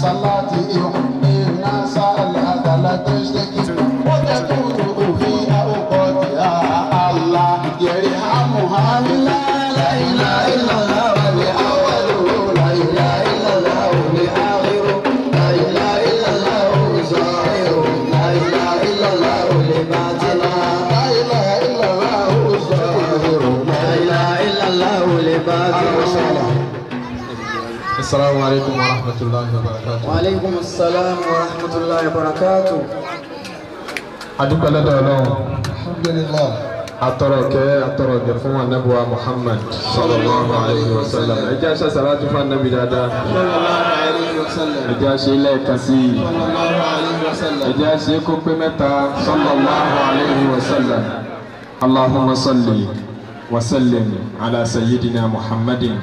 Salão ورحمة الله وبركاته وعليكم السلام ورحمة الله وبركاته adúpẹ́ lọ́dọ̀ ọlọ́run alhamdulillah atọrọkẹ́ atọrọkẹ́ fún anabuwa muhammad sallallahu alayhi wa sallam ẹ jẹ́ aṣa salatu fún anabi dáadáa sallallahu alayhi wa sallam ẹ jẹ́ aṣe lẹ́ẹ̀kan sí i sallallahu alayhi wa sallam ẹ jẹ́ aṣe kó pé mẹ́ta sallallahu alayhi wa sallam allahumma salli wa sallim ala sayyidina muhammadin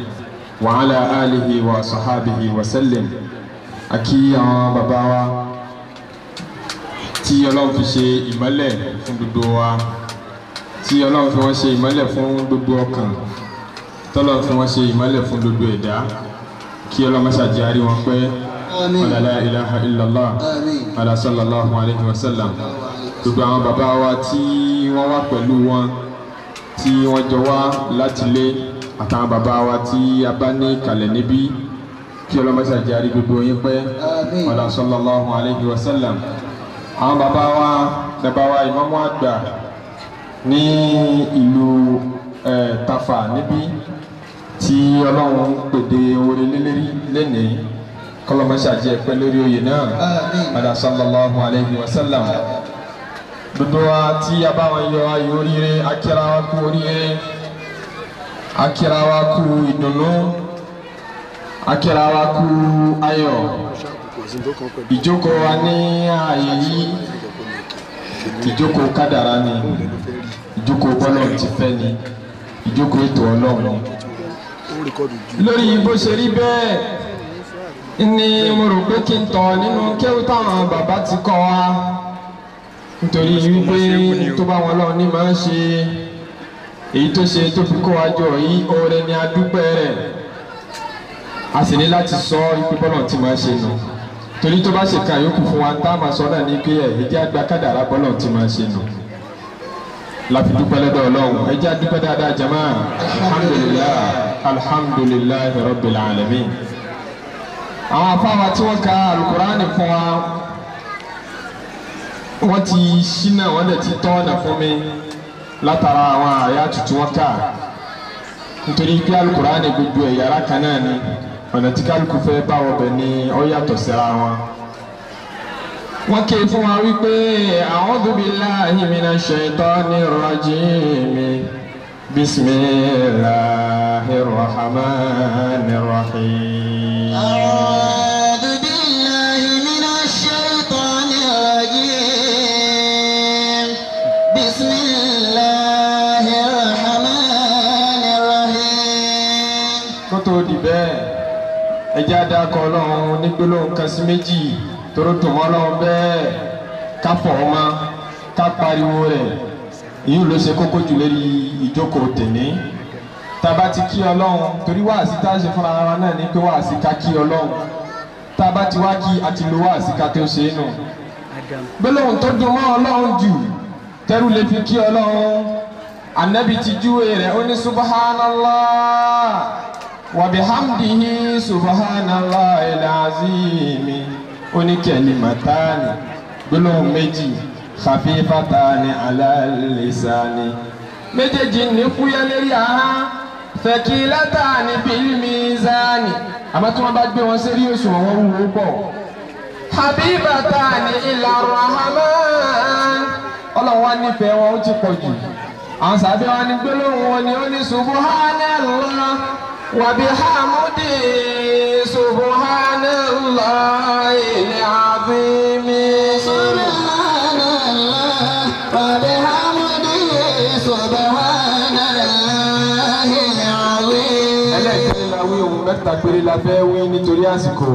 wa ala alihi wa sahabihi wa sallim àkí àwọn bàbá wa tí ọlọ́run fi ṣe ìmọ́lẹ̀ fún gbogbo wa tí ọlọ́run fi wọ́n ṣe ìmọ́lẹ̀ fún gbogbo ọkàn tọ́lọ́run fi wọ́n ṣe ìmọ́lẹ̀ fún gbogbo ẹ̀dá kí ọlọ́run ṣàjì àrí wọn pẹ́ ọ̀làlá ilaha illallah ala sallallahu alayhi wa sallam gbogbo àwọn bàbá wa tí wọ́n wá pẹ̀lú wọn tí wọ́n jọ wá láti lé àtàwọn bàbá wa tí a bá ní kalẹ̀ níbí kí ọlọ́mọṣà jáde gbogbo yín pẹ́ ọ̀là sallallahu alayhi wa sallam àwọn bàbá wa bàbá wa ìmáàmù àgbà ní ìlú Tafa níbí tí ọlọ́run pèdè orí lélẹ́rí lẹ́nìí kọlọmọṣà jẹ pẹ́ lórí oyè náà ọ̀là sallallahu alayhi wa sallam gbogbo wa tí a bá wọn yọ ayò oríire akẹ́ra wa kú oríire akira wa kú ìdùnnú akira wa kú ayọ̀ ìjókòó wa ní ààyè yìí ìjókòó kádàrá ni ìjókòó bọ́lọ̀ ti fẹ́ ni ìjókòó ètò ọlọ́run lórí bó ṣe rí bẹ́ẹ̀ ni mo rò pé kí n tọ̀ nínú kéwù táwọn bàbá ti kọ́ wa nítorí wípé tó bá wọn lọ ní máa ṣe èyí tó ṣe tó fi kó wa jọ yìí oore ni a dúpẹ́ rẹ̀ a sì ní láti sọ ipe bọ́lọ̀ tí máa ṣe nù torí tó bá ṣe ka yòókù fún wa tá a máa sọ náà ní pé ẹ̀yìn tí a gba kádàrá bọ́lọ̀ tí máa ṣe nù láfi dúpẹ́ lọ́dọ̀ ẹ jẹ́ a dúpẹ́ dáadáa jama alhamdulilah alhamdulilah rabbil alamin àwọn afáwa tí wọ́n ka alukurani fún wa wọ́n ti ṣínà wọ́n dẹ̀ ti tọ́ ọ̀nà fún mi látara àwọn àyà tuntun wọn ká nítorí pé alukuraani gbogbo ẹ̀ yàrá kan náà ni ọ̀nà tí kálukú fẹ́ bá ọbẹ̀ ni ó yàtọ̀ síra wọn. wọ́n ké fún wa wípé a'udhu billahi minash shaitani rrajim bismillahir rahmanir rahim. ẹjẹ́ adakọ̀ ọlọ́run nígbélóhùn kan sí méjì tóró tó mọ́ ọlọ́run bẹ́ẹ̀ ká fọ̀ ọ́ mọ́ ká pariwo rẹ̀ èyí ló ṣe kókó jù lórí ìjókòó tèmi tàbá ti kí ọlọ́run torí wáàsí tá a ṣe fúnra ara náà ní pé wáàsí ká kí ọlọ́run tàbá ti wá kí àti lo wáàsí ká tó ṣe é nù gbólóhùn tó dùn mọ́ ọlọ́run jù tẹ́rù lè fi kí ọlọ́run ànábì ti júwe rẹ̀ ó ní subhanallah. وبحمده سبحان الله العظيم ونكلمتان gbólóhùn méjì خفيفتان على اللسان méjèèjì ní fúyẹ́ lérí ahọ́n ثقيلتان في الميزان àmọ́ tí wọ́n bá gbé wọn sérí òṣùwọ̀n wọn wúwo pọ̀. حبيبتان إلى الرحمن ọlọ́run wá nífẹ̀ẹ́ wọn ó ti pọ̀ jù àwọn sàbẹ̀ wọn ni gbólóhùn wọn ni ó ní subhanallah. وبحمده سبحان الله العظيم سبحان الله وبحمده سبحان الله العظيم ẹlẹ́ẹ̀kẹ́rin la wí ohun mẹ́ta péré la fẹ́ wí nítorí àsìkò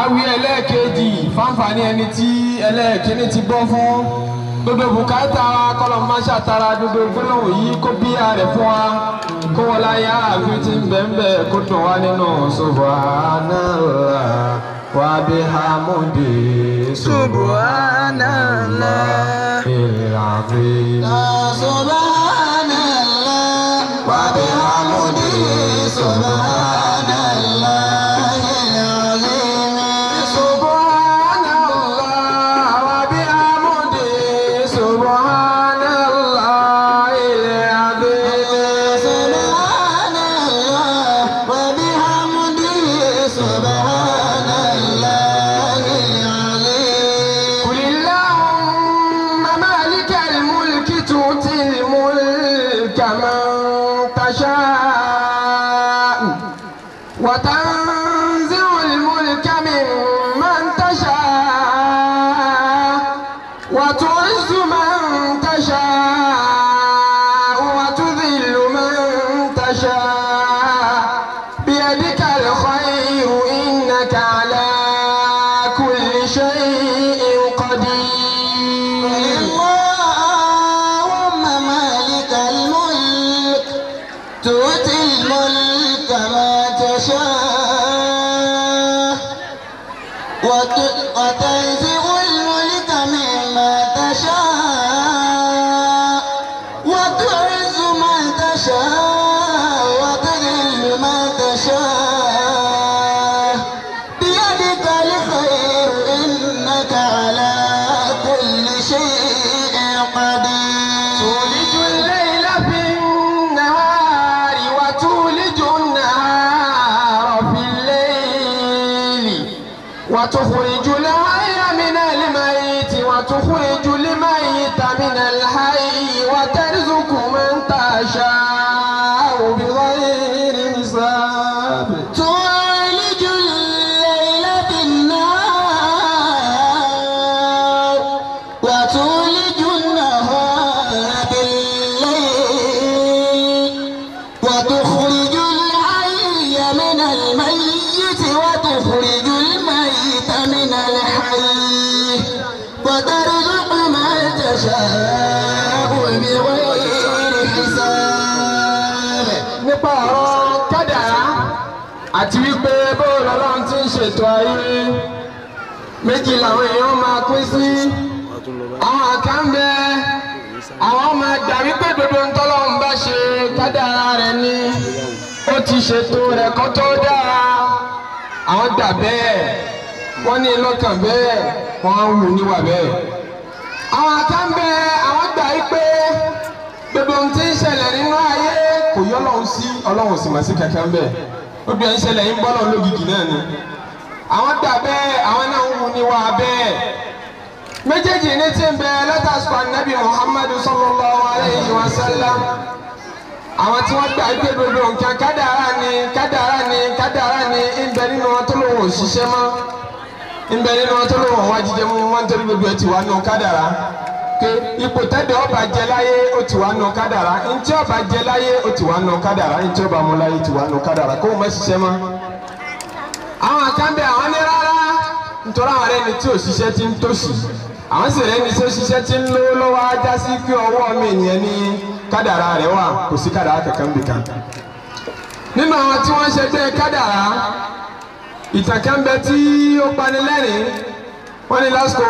àwí ẹlẹ́ẹ̀kejì fáǹfààní ẹni tí ẹlẹ́ẹ̀kíní ti bọ́ fún gbogbo bùkátà kọlọ̀ máa ṣàtara gbogbo gbólóhùn yìí kó bíyà rẹ̀ fún wa kọ́wọ́láyà àfin tí bẹ́ńbẹ́ kó dùn wá nínú subhanallah wa bihamdi subhanallah ìlànà. ṣètò rẹ̀ kó tó dáa àwọn dà bẹ́ẹ̀ wọ́n ní lọ́kàn bẹ́ẹ̀ wọ́n ń wù níwà bẹ́ẹ̀. àwọn àtàǹbẹ̀ àwọn gbà yí pé gbogbo ohun tí ń ṣẹlẹ̀ nínú ayé kò yọ ọlọ́run sí ọlọ́run sì mà sí kankan bẹ́ẹ̀ gbogbo ẹ̀ ń ṣẹlẹ̀ ń bọ́ lọ́run lógìkì náà ni. àwọn dà bẹ́ẹ̀ àwọn náà ń wù níwà bẹ́ẹ̀ méjèèjì ní tí ń bẹ látàsùpà nàbì Muhammadu sallallahu àwọn tí wọ́n gbà gbé gbogbo nǹkan kadara ni kadara ni kádàrá ni ìbẹ nínú wọn tó lòun òṣìṣẹ́ mọ́ ìbẹ nínú wọn tó lòun wá jíjẹ mú wọn torí ọba jẹ láyé ó ti ntị ọba jẹ láyé ó ti ọba mú ti nù kó ṣiṣẹ́ mọ́. àwọn àwọn ní rárá nítorí àwọn ti ń à ń sèré ní tó ṣiṣẹ́ tí ń lówó lọ́wọ́ ajá sí pé ọwọ́ ọmọ ènìyàn ní kádàrá rẹ̀ wà kò sí kádàrá kankan bìkan. nínú àwọn tí wọ́n ṣe bẹ́ẹ̀ kádàrá ìtàn tí ó pani lẹ́rìn wọ́n ní lásìkò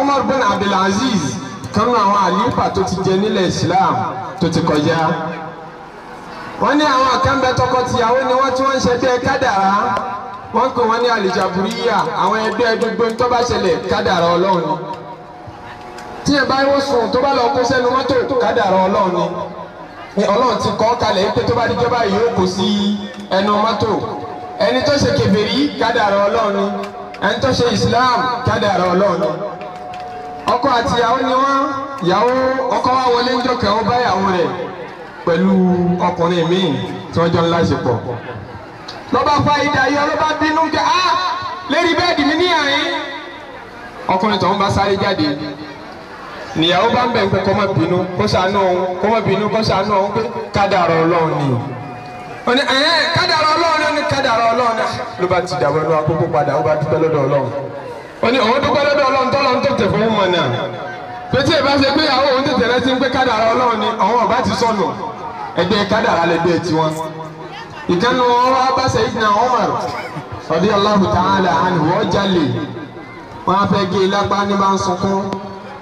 Umar eh, bin Abdulaziz kan nínú àwọn àlífà tó ti jẹ nílẹ̀ Islam tó ti kọjá wọ́n ní àwọn kan bẹ tọkọ tìyàwó ni wọ́n tí wọ́n ṣe bẹ́ẹ̀ kádàrá wọ́n pè wọ́n ní àlìjàbùríyà àwọn ẹgbẹ́ gbogbo tó bá ṣẹlẹ̀ kádàrá ọlọ́run ni tí ẹ bá wọ́n sùn tó bá lọ kó sẹ́nu mọ́tò kádàrá ọlọ́run ni ọlọ́run ti kọ́ kalẹ̀ pé tó bá díjọba yìí ó kó sí ẹnu mọ́tò ẹni tó ṣe kèfèrí kádàrá ọlọ́run ni ẹni tó ṣe Islam kádàrá ọlọ́run ni ọkọ àti ìyàwó ni wọ́n ìyàwó ọkọ wa wọlé ń jọkẹ́ ó bá ìyàwó rẹ̀ pẹ̀lú ọkùnrin míì tí wọ́n jọ ń láṣepọ̀ lọ́ba fa ìdá yọ lọ́ba bínú kẹ́ a lérí bẹ́ẹ̀dì mi níyàrin. ọkùnrin tó ń bá sáré jáde nìyàwó bá ń bẹ̀ pé kọ́mọ bínú kó sànú òun kọ́mọ bínú kó sànú òun pé kádàrọ̀ ọlọ́run ni ó ní ẹ̀ẹ́n kádàrọ̀ ni ní kádàrọ̀ ọlọ́run ah, ló bá ti dàwọ́ ẹnu akókó padà ó bá dúpẹ́ lọ́dọ̀ ọlọ́run ó ní òun dúpẹ́ lọ́dọ̀ ọlọ́run tọ́lọ́ ń tètè fún mọ̀ náà pé tí ìbá ṣe pé àwọn òun tètè rẹ́ ti ń pé kádàrọ̀ ọlọ́run ni àwọn ọ̀bá ìkànnì wọn wá bá Sayyidina Umar radiyallahu ta'ala anhu wọ́n jalè wọ́n á fẹ́ gé e lápá ní bá ń sunkún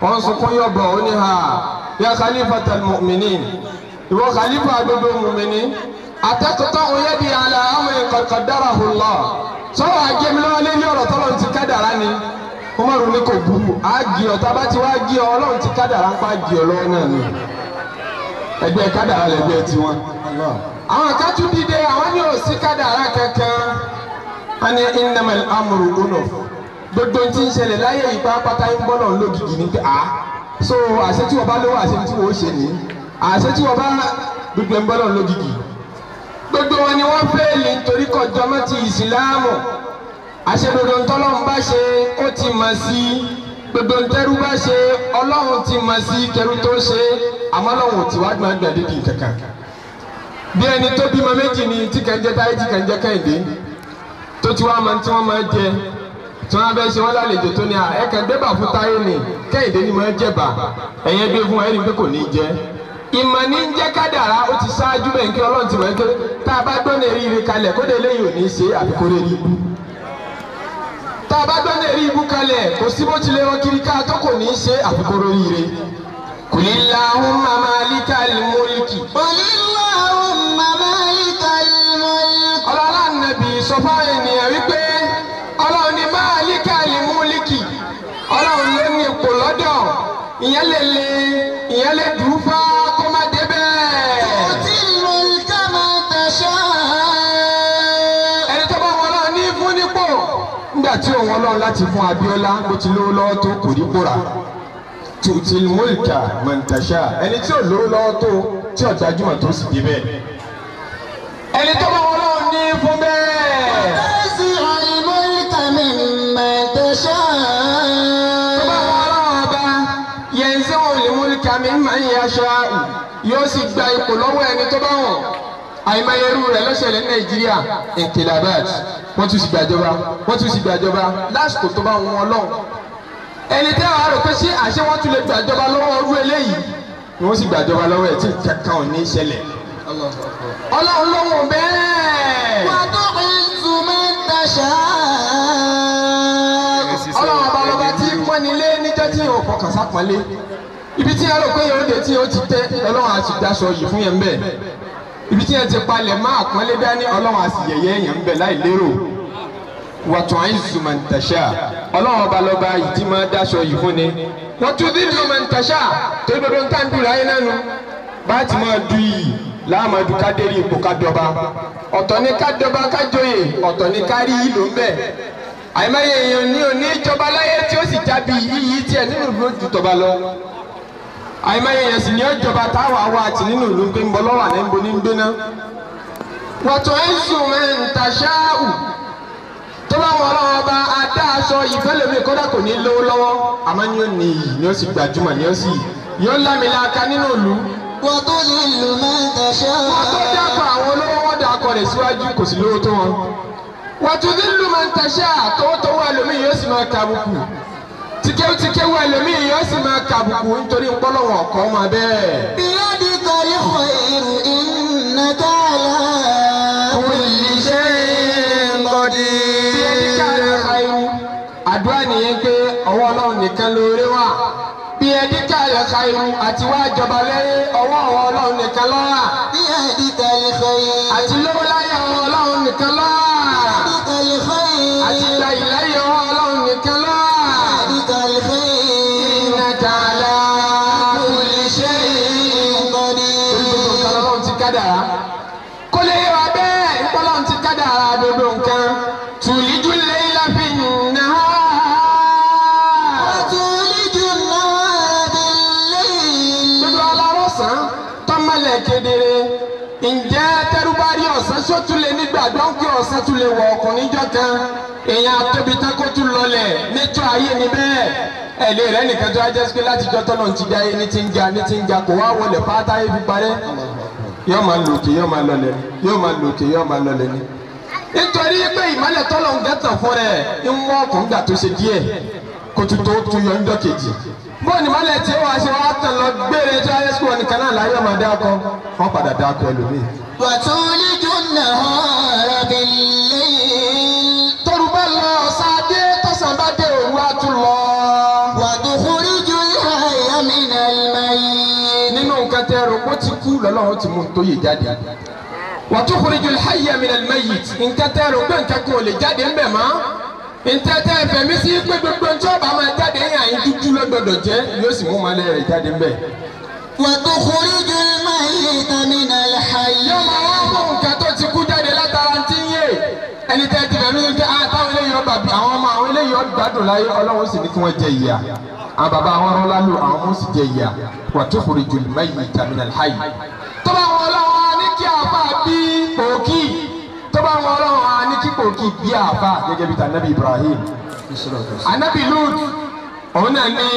wọ́n sunkún yọ̀bọ̀ ó ní ha ya khalifatal mu'minin ìwọ khalifa gbogbo mùmíní àtẹ́kọ̀tọ́ òyẹ́dì àlà àwọn qad qaddarahu Allah sọ́wọ́ àjẹmílọ́wọ́ lé ní ọ̀rọ̀ tọ́lọ́ ti kádàrá ni kọ́mọ́rún ní kò burú àgì ọ̀ tábà tí wàá gé ọ ọlọ́run ti kádàrá ń pa àgì ọ náà ni ẹgbẹ́ kádàrá lẹ́gbẹ́ tiwọn àwọn kan tún dìde àwọn ní òsì kádàrá kankan a ní innamal amru gbóná gbogbo tí ń ṣẹlẹ̀ láyé ìpa pátá ń bọ́ náà lógìkì ní pé a so àṣẹ tí wọ́n bá lówó àṣẹ tí wọ́n ṣe ní àṣẹ tí wọ́n bá gbogbo ń bọ́ náà lógìkì gbogbo wọn ni wọ́n fẹ́ẹ̀lì nítorí kọjọ́ mọ́ ti ìsìláàmù àṣedodo ntọ́lọ́run bá ṣe ó ti mọ̀ sí i gbogbo ntẹ́rù bá ṣe ọlọ́run ti mọ̀ sí i kẹrù tó ṣe àmọ́ ọlọ́run ò tí wá gbọ́n gbàdédì kankan bí ẹni tó bímọ méjì ni tí kàn jẹ́ táyé tí kàn jẹ́ kẹ́hìndé tó ti wá máa tí wọ́n máa jẹ tí wọ́n bẹ ṣe wọ́n lálejò tó ní à ẹ kàn débà fún táyé ni kẹ́hìndé ni máa jẹ̀bà ẹ̀yẹn bí fún ẹni pé kò ní jẹ ìmọ̀ ní ń jẹ́ kádàrá ó ti ṣáájú bẹ́ẹ̀ kí ọlọ́run ti wọ́n pé tá a bá gbọ́nà èrí ire kalẹ̀ kó dé léyìn òní ṣe àfikúrẹ́ rí ibú tá a bá gbọ́nà èrí ibú kalẹ̀ kò sí bó tilẹ̀ wọn kiri ká tó kò ní ṣe àfikúrẹ́ rí ire. kùlí lahumma máa lítà lè mú rí fún ọlọ́run láti fún Abíọ́lá bó ti lówó lọ́wọ́ tó kò rí kóra tutil mulka mọ̀ntàṣà ẹni tí ò lówó lọ́wọ́ tó tí ò gbajúmọ̀ tó sì débẹ̀. ẹni tó bá wọn lọ́wọ́ ní fún bẹ́ẹ̀. ọ̀tẹ́sì àìmọ́lìkà mi mọ̀ntàṣà. tó bá wọn lọ́wọ́ bá yẹn sí wọn ò mi máa ń yaṣọ yóò sì gba ipò lọ́wọ́ ẹni tó bá wọn àìmọyeru rẹ̀ lọ́sẹ̀lẹ̀ ní nàìjíríà inkilabat wọ́n tún sì gbàjọba wọ́n tún sì gbàjọba lásìkò tó bá wọn lọ. ẹni tẹ́ wàá rò pé àṣẹ wọn tún lè gbàjọba lọ́wọ́ ọdún eléyìí ni wọ́n sì gbàjọba lọ́wọ́ ẹ̀ tí kankan ò ní í ṣẹlẹ̀. ọlọ́run lọ́wọ́ bẹ́ẹ̀. wà á tó kí ọlọ́run ọba lọ́ba tí pọ́nilé níjọ́ tí yóò fọkàn sápọ́nlé ibi tí a yóò dé tí yóò ti tẹ́ ọlọ́run àti daṣọ yìí fún yẹn bẹ́ẹ̀ ibi tí yẹn ti palẹ̀ mọ́ àpọ́nlé dání ọlọ́run àsìyẹ̀yẹ èèyàn ń bẹ̀ láì lérò wàtò àìsù mọ̀ntàṣà ọlọ́run ọba lọ́ba ìdí máa dáṣọ yìí fún ni wọ́n tún bí lu mọ̀ntàṣà tó gbogbo ń tàn dùn láyé lẹ́nu bá ti máa du yìí láàmú ká dérí ipò ká dọba ọ̀tọ̀ ni ká dọba ká joyè ọ̀tọ̀ ni ká rí ìlú ńbẹ àìmọye èèyàn ní òní ìjọba láyé tí ó sì jábì yíyí tiẹ̀ nínú ìlú ojú tọba lọ àìmọye yẹn ni ó jọba táwa awa àti nínú ìlú pé ń bọ lọ́wọ́ ń bo ní ń gbéná. wọ́tò ẹ̀sùn mẹ́ta ṣááù tó bá wọn lọ́wọ́ bá a dá aṣọ kò ní lọ́wọ́ ni ó ní ni ó sì gbajúmọ̀ ni ó sì nínú ìlú. wọ́tò wọ́n tó àwọn olówó rẹ̀ síwájú kò sí lówó tó wọn. wọ́tò tikewu tikewu ẹlòmíì yóò sì máa kàbùkù nítorí ńpọ́lọ́wọ̀n ọ̀kọ́ wọn bẹ́ẹ̀. bíyàdì kọ́lé kọ́ irú iná kálá. kulli shay'in qadir. bíyàdì kálá ayú. àdúrà nìyẹn pé ọwọ́ ọlọ́run nìkan lóore wà. bíyàdì kálá ayú àti lẹ́yìn ọwọ́ ọlọ́run nìkan lọ́wọ́ wọ ọkùnrin jọ kan atóbi lọlẹ ayé ni ẹlẹ rẹ nìkan tó sí pé láti jọ tọ́lọ̀ ti ja ẹni tí ń ja ẹni tí ń ja kò wá wọlé pátá yóò máa yóò máa yóò máa yóò máa ni. nítorí pé ìmọ̀lẹ̀ tọ́lọ̀ ń fún ń ọkùnrin gbà tó ṣe díẹ̀ kó tó yọ kejì tí wọ́n ṣe wá lọ gbére ayé sùn náà láyé padà nǹkan tẹ́ rò kó ti kú lọ́lọ́run ti mú un tó yè jáde wa tukhrijul hayya minal mayyit nǹkan tẹ́ rò pé nǹkan kan ò lè jáde ńbẹ̀ mọ́ nǹkan tẹ́ fẹ̀mí sí pé gbogbo ń máa jáde yẹn àyín dúdú lọ́gbọ̀dọ̀ jẹ́ yóò sì mú malẹ̀ rẹ̀ jáde ńbẹ̀. wa tukhrijul mayyita minal hayy. yóò máa wá fún nǹkan ti kú jáde látara ti yé ẹni tẹ́ ti fẹ̀mí sí pé àtàwọn ah, eléyìí ọ gbádùn láyé ọlọ́run sì ní kí wọ́n jẹ ìyà àwọn bàbá àwọn ọlọ́lá lò àwọn ọmọ sì jẹ ìyà wà tó kórè jù lùmẹ́yì tàmínà láyì. tó wọn ọlọ́run ní kí àfa bí pòkì tó wọn ọlọ́run ní kí pòkì bí àfa gẹ́gẹ́ bí tànàbí Ibrahim anabi Lut òun náà ní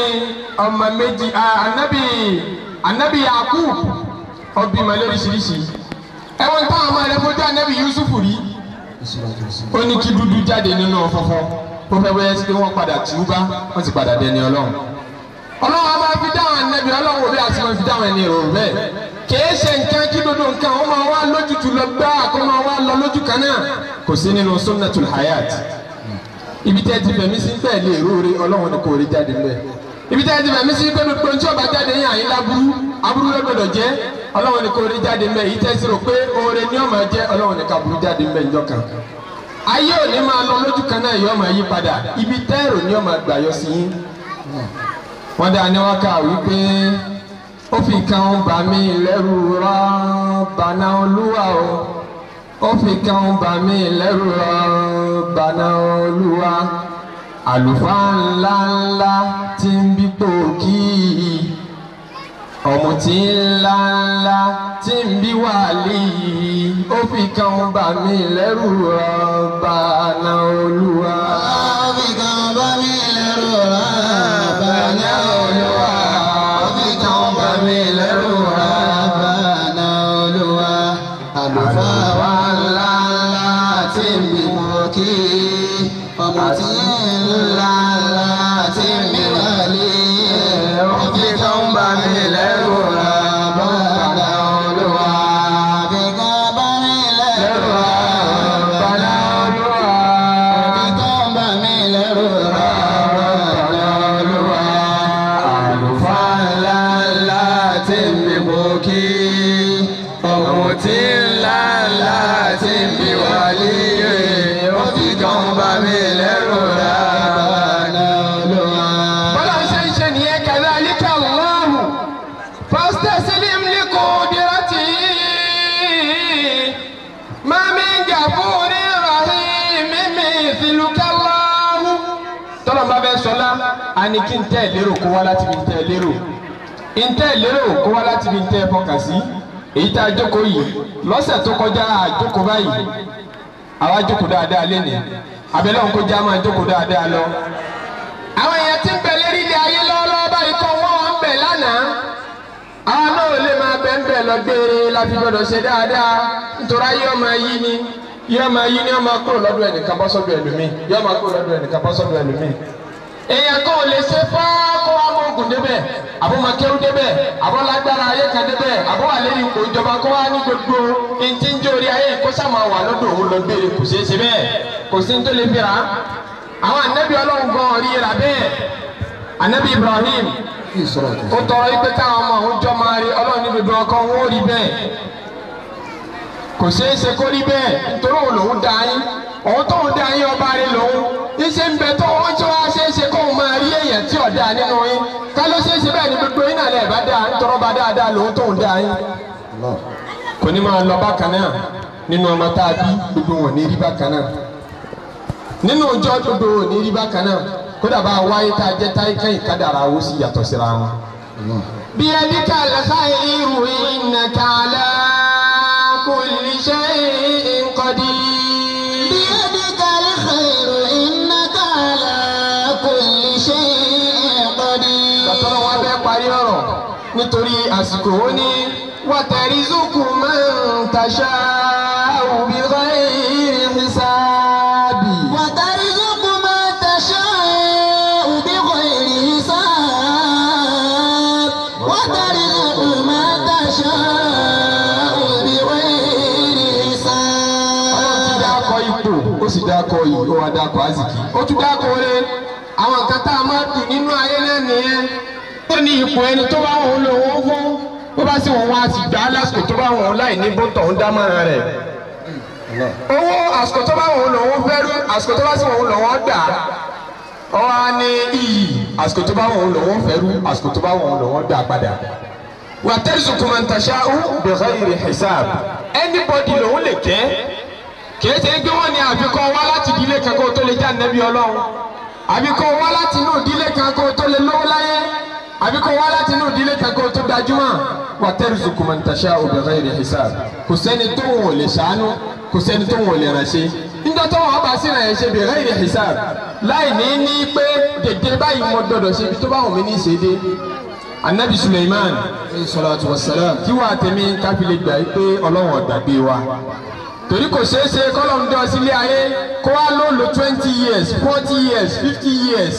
ọmọ méjì anabi anabi Yakub ọbí ma lóríṣiríṣi ẹwọn táwọn ọmọ rẹ fojú anabi Yusuf rí ó dúdú jáde nínú funfun pọ́fẹ́fẹ́ pé wọ́n padà tì ú bá wọ́n sì padà dẹni ọlọ́run. ọlọ́run a máa fi dáhùn ẹnẹ́bí ọlọ́run òbí àti wọn fi dáhùn ẹni ìrò bẹ́ẹ̀ kìí ṣe nǹkan kí dodo nǹkan ó máa wá lójútu lọ gbá kó máa wá lọ lójú kan náà kò sí nínú sunnatul hayat ibi tẹ́ ti fẹ̀mí sí bẹ́ẹ̀ lè róore ọlọ́run ni kò rí jáde ńbẹ̀ ibi tẹ́ ti fẹ̀mí sí pé gbogbo tí ọba jáde yín àyín láburú aburú ló gbọdọ̀ jẹ́ ọlọ́run ni kò rí jáde ńbẹ̀ yìí tẹ́ sí rò pé oore ni ọmọ jẹ́ ọlọ́run ni kàburú jáde ńbẹ̀ níjọ́ kan ayé òní máa lọ lójú kan náà yóò máa yí padà ibi tẹ́rù ni yóò máa gbà yọ sí yín wọ́n dá ní wákà wípé ó fi kan bà mí lẹ́rù Rabbana Olúwa o ó fi kan bà mí lẹ́rù Rabbana Olúwa àlùfáà ńlá ńlá tí ń bí pòkì ọ̀mùtí ńlá ńlá tí ń bí wàlíì ó fi kan bà mí lẹ́rù Rabbana Olúwa. tẹ́ ẹ lérò kó wá láti ibi tẹ́ fọkàn sí èyí tá a jókòó yìí lọ́sẹ̀ tó kọjá a báyìí àwa jókòó dáadáa lénìí abẹ́lẹ́ òun já máa jókòó dáadáa lọ. àwọn èèyàn ti ń bẹ lérí ilé ayé lọ́wọ́lọ́wọ́ báyìí kọ́ wọ́n wọn ń bẹ lánàá àwọn náà ò lè máa bẹ ń bẹ lọ gbére la gbọdọ̀ ṣe dáadáa nítorí ayé ọmọ yí ni yí ọmọ yí ni ọmọ kúrò lọ́dọ̀ ẹnìkan bọ́ ẹlòmíì yí ọmọ kúrò lọ́dọ̀ ẹnìkan bọ́ ẹlòmíì èèyàn kan ò lè ṣe fá kó wá mọ ogun débẹ̀ àbó máa kéwú débẹ̀ àbó lágbára ayé kan débẹ̀ àbó wà lẹ́yìn ipò ìjọba kó wá ní gbogbo ntí ń jó orí ayé kó sàmà wà lọ́dọ̀ òun lọ gbére kò ṣeé ṣe bẹ́ẹ̀ kò sí tó lè fira àwọn anabi ọlọ́run gan ọ̀rí ra bẹ́ẹ̀ anabi Ibrahim ó tọrọ ipe táwọn ọmọ òun jọ máa rí ọlọ́run níbi gan ọkọ wọn ó rí bẹ́ẹ̀ kò ṣeé ṣe kó rí bẹ́ẹ̀ nítorí òun lòún dá yín òun tóun dá yín ọba rẹ dáa nínú yín ká ló ṣe é ṣe bẹ́ẹ̀ ni gbogbo yín náà lè bá dáa nítorọ́ bá dáadáa lòun tó ń dáa yín. kò ní máa lọ bákan náà nínú ọmọ tá a bí gbogbo wọn ní rí bákan náà nínú ọjọ́ gbogbo wọn ní rí bákan náà kódà bá a wáyé tá a jẹ́ táyé kẹ́yìn kádàrá wo sì yàtọ̀ síra wọn. bí ẹni ká sáyé irú iná ká àsìkò ó ní wàtàrí zokù máa ń tàṣà òbí ghayri hisabi. wàtàrí zokù máa ń tàṣà òbí ghayri hisabi. wàtàrí zokù máa ń tàṣà òbí ghayri hisabi. ọlọ́run ti dákọ̀ ipò ó sì dákọ̀ yìí ó wá dákọ̀ àzìkì ó tún dákọ̀ rẹ̀ àwọn kan tá a máa dùn nínú ayé lẹ́nu yẹn ní ipò ẹni tó bá wọn lówó fún bó bá sì wọn wọn a sì gbà á lásìkò tó bá wọn láì ní bóńtọ̀ ń dámọ̀ràn rẹ̀ owó àsìkò tó bá wọn lòun fẹ́rú àsìkò tó bá sì wọn lòun gbà ọ̀hún á iyì àsìkò tó bá wọn lòun fẹ́rú àsìkò tó bá wọn lòun gbà padà wà tẹ́sùkù máa ń taṣà ó bẹ̀rẹ̀ ìrìn hisab anybody lòun lè kẹ́ kìí ṣe gbé wọn ní àfikọ́ wá láti ìdílé kan kó tó lè já nẹ́bí ọlọ́run àfikọ́ wá láti inú ìdílé kan kó tó lè lówó láyé àbí kò wá láti inú ìdílé kankan tó gbajúmọ̀ wà tẹ́rìsù kùmọ̀ntàṣà obìnrin rẹ̀ hisab kò sẹ́ni tó wọn ò lè ṣàánú kò sẹ́ni tó wọn ò lè ránṣẹ́ nígbà tó wọn bá sí ìrìn àyẹ̀ṣe bìrẹ̀ rẹ̀ hisab láì ní ní pé dèdè báyìí mo dọ̀dọ̀ ṣe ibi tó bá wọn mi ní í ṣe dé anabi suleiman salatu wasalam kí wàá tẹ̀mí káfílẹ̀ gbà yí pé ọlọ́wọ̀n gbàgbé wa torí kò ṣeé ṣe kọ́lọ̀ twenty years forty years fifty years